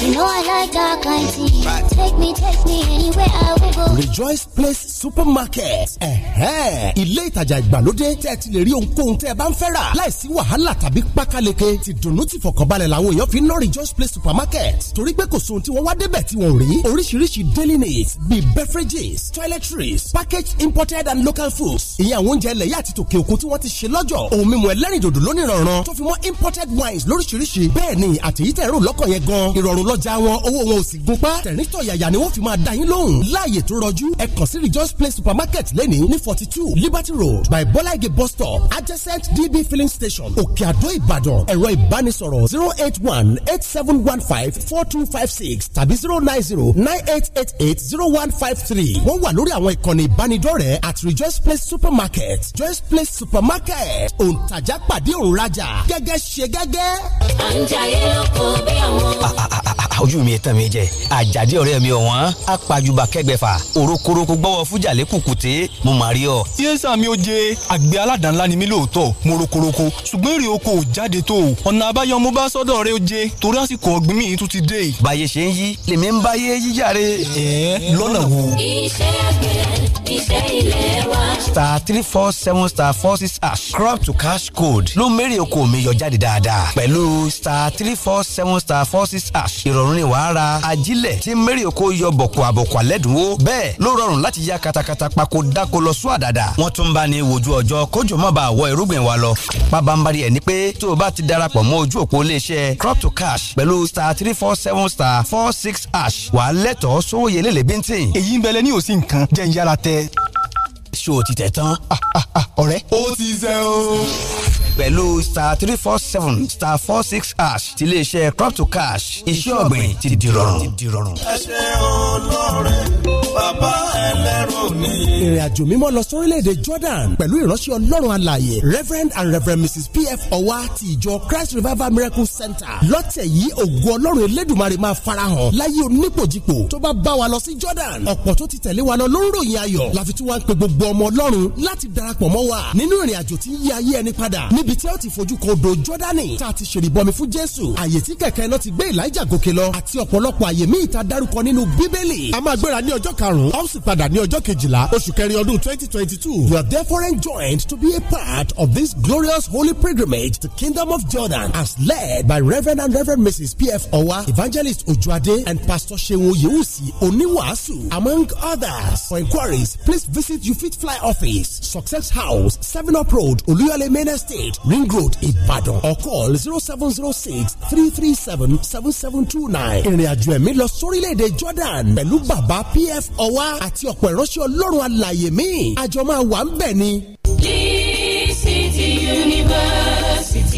[SPEAKER 3] You know I
[SPEAKER 8] like dark lighting. Right. Take me, take me anywhere I will go.
[SPEAKER 3] Rejoice Place Supermarket. Ẹ̀hẹ́n. Ilé ìtajà ìgbàlódé tẹ́ ẹ ti lè rí ohunkóhun tẹ́ ẹ bá ń fẹ́ rà. Láìsí wàhálà tàbí pákáleke. Ti dùnnú ti fọkànbalẹ̀ làwọn èèyàn fi ń ná Rejoice Place Supermarket. Torí pé kò sóhun tí wọ́n wá débẹ̀ tí wọ́n rí. Oríṣiríṣi daily needs bíi beverages, toiletries, packaged imported and local foods. Ìyẹn àwọn oúnjẹ ilẹ̀ yá àti tòkè òkun tí wọ́n ti ṣe lọ́jọ̀. Òun mímu ẹlẹ́rìndòdò lónìí rànran. Tó fi mọ́ imported wines lóríṣiríṣi. Bẹ́ẹ̀ni àtẹ̀yítẹ̀ rò lọ́kàn yẹn gan. Ìrọ̀rùn rọrùn lọ́jà wọn owó wọn ò sì gun pa tẹ̀rín tọ̀yàyà ni wọ́n fi máa dá yín lóhùn láàyè tó rọjú ẹ kàn sí Rejoice Place supermarket lẹ́nìí ní forty two Liberty Road by Bọ́láìgè bus stop adjacent DB filling station Òkè Àdó Ìbàdàn ẹ̀rọ ìbánisọ̀rọ̀ zero eight one eight seven one five four two five six tàbí zero nine zero nine eight eight eight zero one five three wọ́n wà lórí àwọn ìkànnì ìbánidọ́rẹ̀ẹ́ at Rejoice Place supermarket Joyce Place supermarket òǹtajà pàdé òǹrajà
[SPEAKER 5] gẹ́gẹ́
[SPEAKER 4] ṣe gẹ́gẹ́. à ń jayé lóko bí àwọn ojú mi tán mi jẹ àjàdí ọ̀rẹ́ mi ọ̀wọ́n apàjùbà kẹgbẹ̀fà òrokoroko gbọ́wọ́ fújàlẹ́ kùkùté mo mà rí ọ. yéésà mi ò jẹ àgbẹ̀ aládàá ni mí lóòótọ́ mo rokoroko ṣùgbọ́n èrè oko ò jáde tó o ọ̀nà àbáyọ mo bá sọ́dọ̀ rẹ ó jẹ torí àsìkò ọ̀gbìn mi tún ti dé. báyé ṣe ń yí lèmi ń báyé yíyàre. ẹ lọ́nà wo. star three four seven star four six hash crop to cash code ló mẹ́rẹ̀ oko mi yọ jáde dáadáa pẹ̀lú star three four seven star four six hash ìrọ̀rùn ni wàá ra ajílẹ̀ tí mary oko yọ bọ̀kọ̀ àbọ̀kọ̀ àlẹ́dùnwó bẹ́ẹ̀ ló rọrùn láti ya katakata pako dáko lọ sún àdàdà wọ́n tún bá ní wojú ọjọ́ kójò má bàa wọ irúgbìn wa lọ pabambari ẹ̀ ni pé tó o bá ti darapọ̀ mọ́ ojú òpó iléeṣẹ́ crop to cash pẹ̀lú star three four seven star four six ash wàá lẹ́tọ̀ọ́ sówó yẹlé lẹ́bíntìn. èyí ń bẹ̀lẹ̀ ní òsì nǹkan jẹ́ ń yára tẹ. o ti tẹ̀ tán? Ah, ah, ah, ọ̀rẹ́. ó ti zẹ́ o pẹ̀lú star three four seven star four six hash ti iléeṣẹ́ crop to cash iṣẹ́ ọ̀gbìn ti di
[SPEAKER 8] rọrùn. ẹ ṣe olóore
[SPEAKER 4] bàbá ẹlẹ́rù ni. ìrìn àjò mímọ́ lọ
[SPEAKER 3] sórílẹ̀-èdè Jordan pẹ̀lú ìránṣẹ́ ọlọ́run alààyè Reverend and Reverend Mrs P.F. Ọwa ti ìjọ Christ Revival Miracle Center lọ́tẹ̀ yìí ògo ọlọ́run elédùnmarè máa farahàn láyé onípòjìpò tó bá bá wa lọ sí Jordan ọ̀pọ̀ tó ti tẹ̀lé wa lọ ló ń ròyìn ayọ̀ láfi tí wọ́n ń pe gbogbo ọmọ ọlọ́run
[SPEAKER 2] láti darapọ̀ mọ́ wa nínú
[SPEAKER 3] ìrìn àjò tí ń yí ayé ẹni padà ní níbi tí ó ti fojú kan odò jọ́dánì tá a ti ṣèrìbọmi fún jésù àyè tí kẹ̀kẹ́ náà ti gbé ìlàjà gòkè lọ àti ọ̀pọ̀lọpọ̀ àyè míì ta dárúkọ nínú bíbélì. a máa gbéra ní ọjọ́ karùn-ún ó sì padà ní ọjọ́ kejìlá oṣù kẹrin ọdún twenty twenty two you are therefore enjoined to be a part of this glorious holy pilgrimage to the kingdom of jordan as led by reverend and reverend mrs pf owa evangelist ojuade and pastor seun oyewusi oníwàásù among others for inquiries please visit you fly office success house seven up road oluyale main estate Ring Road, Ibadan or call 0706 337 7729. Ìrìnàjò ẹ̀mí lọ sórílẹ̀-èdè Jordan pẹ̀lú bàbá PF Ọwá àti ọ̀pọ̀ ìránṣẹ́ Ọlọ́run alàyè mi. Àjọ máa
[SPEAKER 9] wà ń bẹ̀ ni. DCT Universe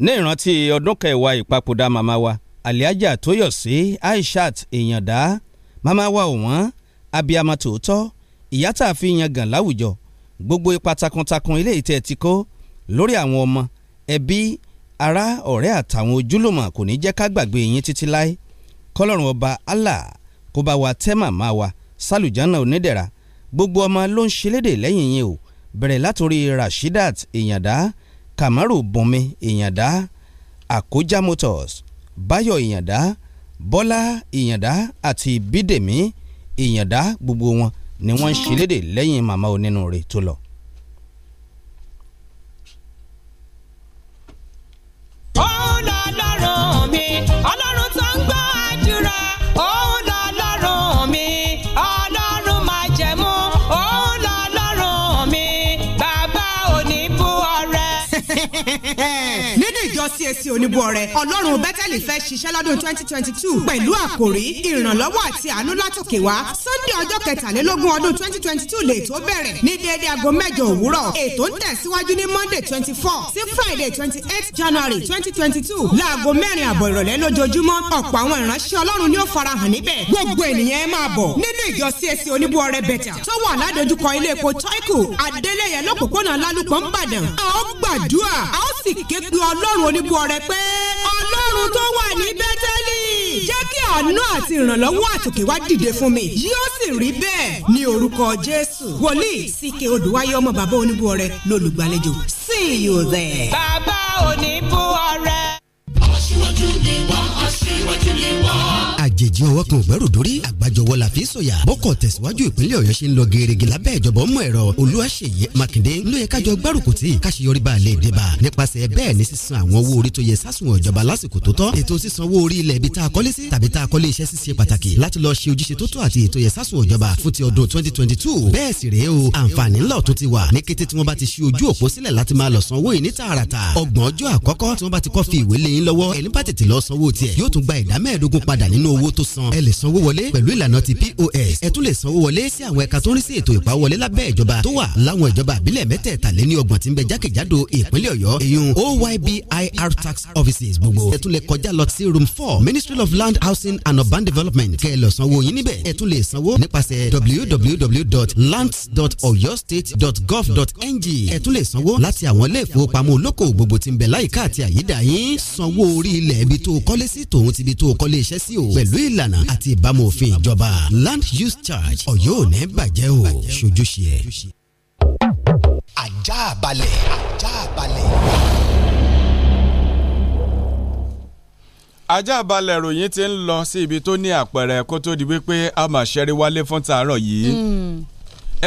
[SPEAKER 4] ní ìrántí ọdún kẹwàá ìpapòdà màmá wa aliaja tóyọ̀sí aishat ìyàndá màmá wa ọ̀wọ́n abiyamọ tòótọ́ ìyá tá a fi yangàn láwùjọ gbogbo ipa takuntakun ilé ìtẹ́ ti kó lórí àwọn ọmọ ẹbí ará ọ̀rẹ́ àtàwọn ojúlùmọ̀ kò ní jẹ́ ká gbàgbé yín títí láé kọ́lọ́run ọba allah kó bá wa tẹ́ màmá wa sálùjánà onídẹ̀ra gbogbo ọmọ ló ń ṣelédè lẹ́yìn yín o bẹ̀rẹ̀ látòrí rashidat ìyàndá e Kamaru Bunmi Ìyàndá Àkójá Motors Báyọ̀ Ìyàndá Bọ́lá Ìyàndá àti Bídèmí Ìyàndá gbogbo wọn ni wọ́n ń ṣẹlẹ́dẹ̀ lẹ́yìn màmá onínúure tó lọ.
[SPEAKER 8] ó lọ lọ́rùn. CAC oníbọ̀rẹ̀ ọlọ́run bẹ́tẹ̀lì fẹ́ ṣiṣẹ́ lọ́dún twenty twenty two pẹ̀lú àkòrí ìrànlọ́wọ́ àti àánú látòkè wá sunday ọjọ́ kẹtàlélógún ọdún twenty twenty two lè tó ní déédéé aago mẹ́jọ òwúrọ̀ ètò ń tẹ̀síwájú ní monday twenty four sí friday twenty eight january twenty twenty two láago mẹ́rin àbọ̀ ìrọ̀lẹ́ lójoojúmọ́ ọ̀pọ̀ àwọn ìránṣẹ́ ọlọ́run ni ó farahàn níbẹ̀ gbogbo ènìyàn ẹ máa bọ̀ nínú ìjọ CAC oníbọ̀rẹ̀ bẹ̀tà tó wà ládojúkọ ilé epo tọ́ìkù adélẹ́yẹ lọ́pọ̀pọ̀nà lálùpọ̀ ń bàdàn a ó gbàdúrà a ó sì ké ọ̀rẹ́ pé ọlọ́run tó wà ní bẹ́tẹ́lì jẹ́ kí àánú àti ìrànlọ́wọ́ àtòkè wá dìde fún mi yóò sì rí bẹ́ẹ̀ ní orúkọ jésù wòlíì síkè odùwáyé ọmọ bàbá oníbú ọrẹ lólùgbàlejò see you there. bàbá oníbú ọrẹ
[SPEAKER 5] aṣíwájú ni wá aṣíwájú ni
[SPEAKER 2] wá.
[SPEAKER 4] àjèjì ọwọ́ kan ò gbẹ́rù dórí àgbàjọwọ́ la fi ń sòyà bọ́kọ̀ tẹ̀síwájú ìpínlẹ̀ ọ̀yọ́ ṣe ń lọ gẹ́gẹ́ lábẹ́ ìjọba ọmọ ẹ̀rọ olúwaṣeyẹ mákindé ló yẹ kájọ gbárùkù tí káṣíyọrí bá lè dé bá nípasẹ̀ bẹ́ẹ̀ ni sísan àwọn owó orí tó yẹ sásùn ìjọba lásìkò tó tọ́ ètò sísan owó orí ilẹ̀ ibi tá a kọ́lé sí tàbí tá a kọ́lé iṣẹ́ ṣíṣe pàtàkì láti lọ ṣe ojúṣe tó tó àti ètò yẹ sásùn ìjọba fún ti ọdún twenty twenty two bẹ́ẹ̀ sì rèé o àǹfààní ńlọ tó ti wà ní kété tí wọ́n bá ti ṣí ojú òpó sílẹ̀ láti máa lọ san owó tààràtà ọgbọ̀n ọjọ́ àkọ́kọ́ tí wọ́n bá ti kọ́ fi ìwé lé yín lọ́wọ́ ẹ ẹni bá tètè lọ sanwó tiẹ̀ yóò tún gba ìdá mẹ́ẹ̀ẹ́dógún padà nínú owó tó san ẹ lè sanwó wọlé pẹ̀lú ìlànà ti POS ẹ tún lè sanwó wọlé sí àwọn ẹ̀ka tó ń rí sí ètò ìpawọlé lábẹ́ ìjọba tó wà láwọn ìjọba àbílẹ̀ mẹ́tẹ̀ẹ̀tàléní ọgbọ̀n tí ń bẹ jákèjádò ìpínlẹ̀ ọ̀yọ́ èyun OYBIR tax offices gbogbo ẹ tún lè kọjá lọ sí room four Ministry of Land Housing and Urban Development kẹ́ ẹ lọ sanwó yín níbẹ̀ ẹ tún lè sanwó nípasẹ̀ www.lands.oyostate.gov.ng ẹ tún lè sanwó láti àwọn ilé ìfowópamọ́ olóko gbogbo tí ń bẹ láyìíká àti àyídà ilẹ̀ ibi tó kọ́lé sí tòun ti ibi tó kọ́lé iṣẹ́ sí o pẹ̀lú ìlànà àti ìbámu òfin ìjọba land use charge ọ̀yọ́ ò ní bàjẹ́ o ṣojúṣe ẹ̀. ajá balẹ̀ ajá balẹ̀.
[SPEAKER 1] ajá balẹ̀ ròyìn ti ń lọ sí ibi tó ní àpẹẹrẹ kó tó di wípé a máa ṣẹ́rí wálé fún tàárọ̀ yìí hmm.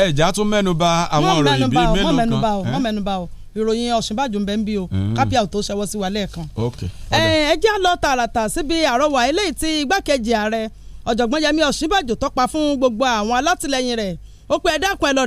[SPEAKER 1] ẹ̀já tún mẹ́nu bà àwọn ìròyìn bíi mélòó kan. wọ́n mẹ́nu bà o wọ́n
[SPEAKER 6] mẹ́nu bà o ìròyìn Ọ̀ṣínbàjò ń ń bí o mm. kápíà tó ṣẹwọ́ sí wa lẹ́ẹ̀kan. ẹ jẹ́ lọ tààràtà síbi àrọwà eléyìí tí igbákejì ààrẹ ọ̀jọ̀gbọ́n Yẹmí Ọ̀ṣínbàjò tọ́pa fún gbogbo àwọn alátìlẹyìn rẹ̀ ó pé ẹ dákun ẹ lọ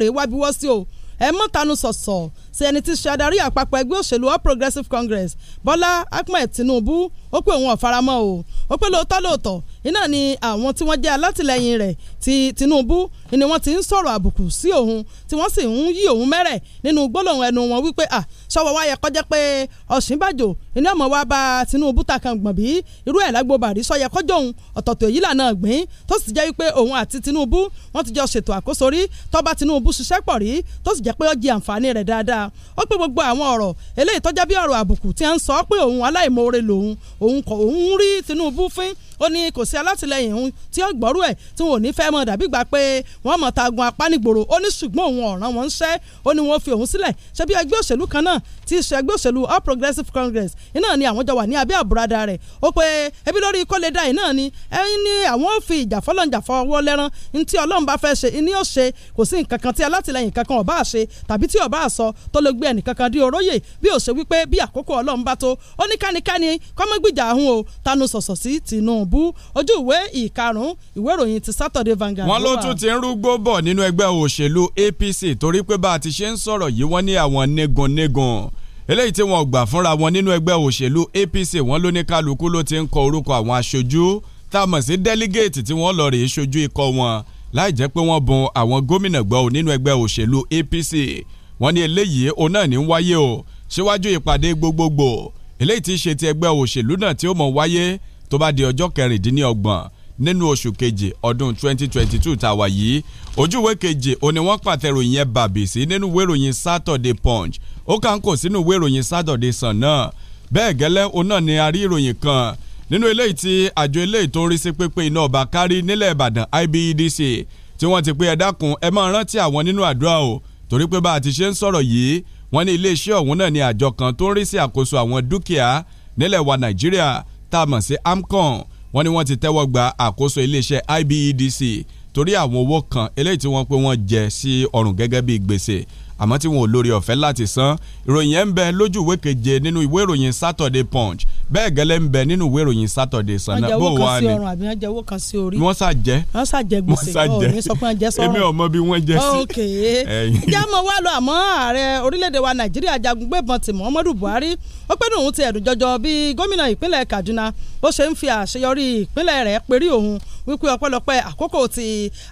[SPEAKER 6] o ẹ mọ́ tanu sọ̀sọ̀ sí ẹni tí ṣe adarí àpapọ̀ ẹgbẹ́ òṣèlú All Progressives Congress Bọ́lá Ahmed Tinubu ó pé òun ọ̀faramọ́ o ó pé lóòótọ́ lóòótọ́ iná ni àwọn tí wọ́n jẹ́ alátìlẹyìn rẹ̀ ti Tinubu ni wọ́n ti ń sọ̀rọ̀ àbùkù sí òun tí wọ́n sì ń yí òun mẹ́rẹ̀ nínú gbólóhùn ẹnu wọn wípé à sọ́wọ́ wáyẹ kọjá pé Ọ̀ṣínbàjò iná ọmọ wa bá Tinubu ta kan gbọ̀n bí irú ẹ̀ lágbo bàrí sọ́yẹ kọjọ́ òun ọ̀tọ̀tọ̀ èyí lànà gbìn tó sì jẹ́ wípé òun àti Tinubu wọ́n ti jọ ṣètò àkóso rí tọ́ba Tinubu ṣiṣẹ́ pọ̀ rí tó sì jẹ́ jẹ́ pé ó jẹ àǹfààní rẹ̀ dáadáa ó pé gbogbo àwọn ọ̀rọ̀ eléyìí tọ́já bí ọ̀rọ̀ àbùkù tí à ń sọ pé òun aláìmoore lòun òun kò òun rí Tinubu fín ó ní kò sí alátìlẹyìn òun tí ó gbọ́rú ẹ̀ tí wọn ò ní fẹ́ mọ̀ dàbí gbà pé wọ́n mọ̀ tagun apánigbòrò ó ní ṣùgbọ́n òun ọ̀ràn wọn ṣẹ́ ó ní wọ́n fi òun sílẹ̀ ṣé bí ẹgbẹ́ òṣèlú kan náà ti ṣe ẹgbẹ́ òṣèlú All Progressives Congress iná ni àwọn jọ wà ní abẹ́ àbúradà rẹ̀ ó pé ebi lórí kó lè dá iná ni ẹyin ni àwọn ò fi ìjà fọlọ́njà lẹ́rán ní tí Ọlọ́run bá fẹ́ ṣe ṣe tàbí tí ọba àsọ tó lè gbé ẹnìkankan dí oróyè bí ó ṣe wípé bí àkókò ọlọ́run bá tó ó ní kánikáni kọ́mọ́gbìjà ahun o tanu sọ̀sọ̀ sí Tinubu ojú ìwé ìkarùn ìwé ìròyìn ti Saturday Vanguard. wọ́n ló tún ti
[SPEAKER 1] ń rúgbó bọ̀ nínú ẹgbẹ́ òṣèlú APC torí pé bá a ti ṣe ń sọ̀rọ̀ yìí wọ́n ní àwọn negunnegun eléyìí tí wọ́n gbà fúnra wọn nínú ẹgbẹ́ òṣèlú APC wọ́n ló ní kálukú ló ti ń kọ orúkọ àwọn aṣojú tá a mọ̀ sí délígéètì tí wọ́n lọ rèé ṣojú ikọ̀ wọn láì jẹ́ pé wọ́n bun àwọn gómìnà gbọ́ nínú ẹgbẹ́ òṣèlú APC wọ́n ní eléyìí òun náà ní ń wáyé o síwájú ìpàdé gbogbogbò eléyìí ti ṣe ti ẹgbẹ́ òṣèlú náà tí ó mọ̀ wáyé tó bá di ọjọ́ kẹrìndínlọ́gbọ̀n nínú oṣù kejì ọdún 2022 tàwa yìí ojúwe keje òní wọ́n pàtẹ́rò yẹn bàbí sí nínú wéròyìn Saturday Punch ó kà ń kò sínú wéròyìn Saturday Sun náà bẹ́ẹ̀ gẹ́lẹ́ òun náà ni a rí ìròyìn kan nínú eléyìí tí àjọ eléyìí tó ń rí sí pépé iná ọba kárí nílẹ̀ Ìbàdàn IBEDC tí wọ́n ti pé ẹ dákun ẹ máa rántí àwọn nínú àdúrà o torí pé bá a ti ṣe ń sọ̀rọ̀ yìí wọ́n ní iléeṣẹ́ ọ̀hún náà ni àjọ kan tó ń rí sí àkóso àwọn dúkìá nílẹ̀ wa Nàìjíríà tá a mọ̀ sí AMCON wọ́n ní wọ́n ti tẹ́wọ́ gba àkóso iléeṣẹ́ IBEDC torí àwọn owó kan eléyìí tí wọ́n pé wọ́n jẹ sí ọrùn gẹ́gẹ́ bíi gbèsè àmọ́ tí wọn ò lórí ọ̀fẹ́ láti san ìròyìn yẹn ń bẹ lójú ìwé keje nínú ìwé ìròyìn Saturday Punch bẹ́ẹ̀ gẹ́lẹ́ ń bẹ nínú ìwé ìròyìn Saturday Sunday bó wà ní. wọ́n jẹ
[SPEAKER 6] owó wọ́n jẹ owó gbèsè ọ̀ ní sọ pé wọ́n èmi ò mọ bí wọ́n jẹ sí. ok ìjà mọ lọ àmọ́ ààrẹ orílẹ̀-èdè wa Nàìjíríà jagungbébọn ti Muhammadu Buhari ó pẹ́ òun ti ẹ̀dùn jọjọ bí gómìnà ìpínlẹ̀ Kaduna bó ṣe ń fi àṣeyọrí ìpínlẹ̀ rẹ̀ perí òun wípé ọpẹ́lọpẹ́ àkókò ti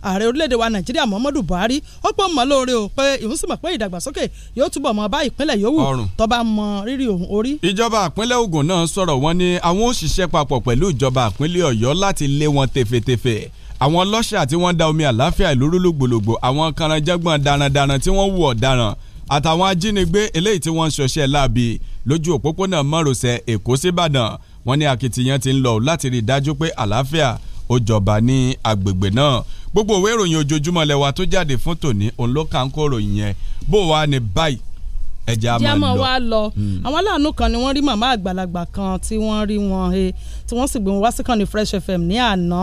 [SPEAKER 6] ààrẹ orílẹ̀-èdè wa nàìjíríà muhammadu buhari ó pọ̀ mọ́ lóore o pé òun sì mọ̀ pé ìdàgbàsókè yóò túbọ̀ mọ́ bá ìpínlẹ̀ yòówù tó mọ rírì òun orí.
[SPEAKER 1] ìjọba ìpínlẹ̀ Ògùn náà sọ̀rọ̀ wọn ni àwọn ó papọ̀ pẹ̀lú ìjọba ìpínlẹ̀ ọ̀yọ́ láti lé wọn tefetefe àwọn lọ́ṣà tí wọ́n da omi àláfíà ìlú àwọn karanjẹ́gbọ̀n i dájú pé ó jọba ní agbègbè náà gbogbo òwe ìròyìn ojoojúmọ́ lẹ́wà tó jáde fún tòní òun ló kà ń kó ròyìn bó wa ni báyìí ẹja máa lọ jámọ wa lọ hmm.
[SPEAKER 6] àwọn aláàánú kan ni wọ́n rí màmá àgbàlagbà kan tí wọ́n rí wọn he tí wọ́n sì gbé wọn wá sí kànnì Fresh FM ní àná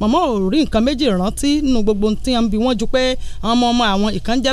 [SPEAKER 6] màmá ò rí nǹkan méjì rántí nínú gbogbo tí wọ́n bí wọ́n ju pé àwọn ọmọ ọmọ àwọn ìkànjẹ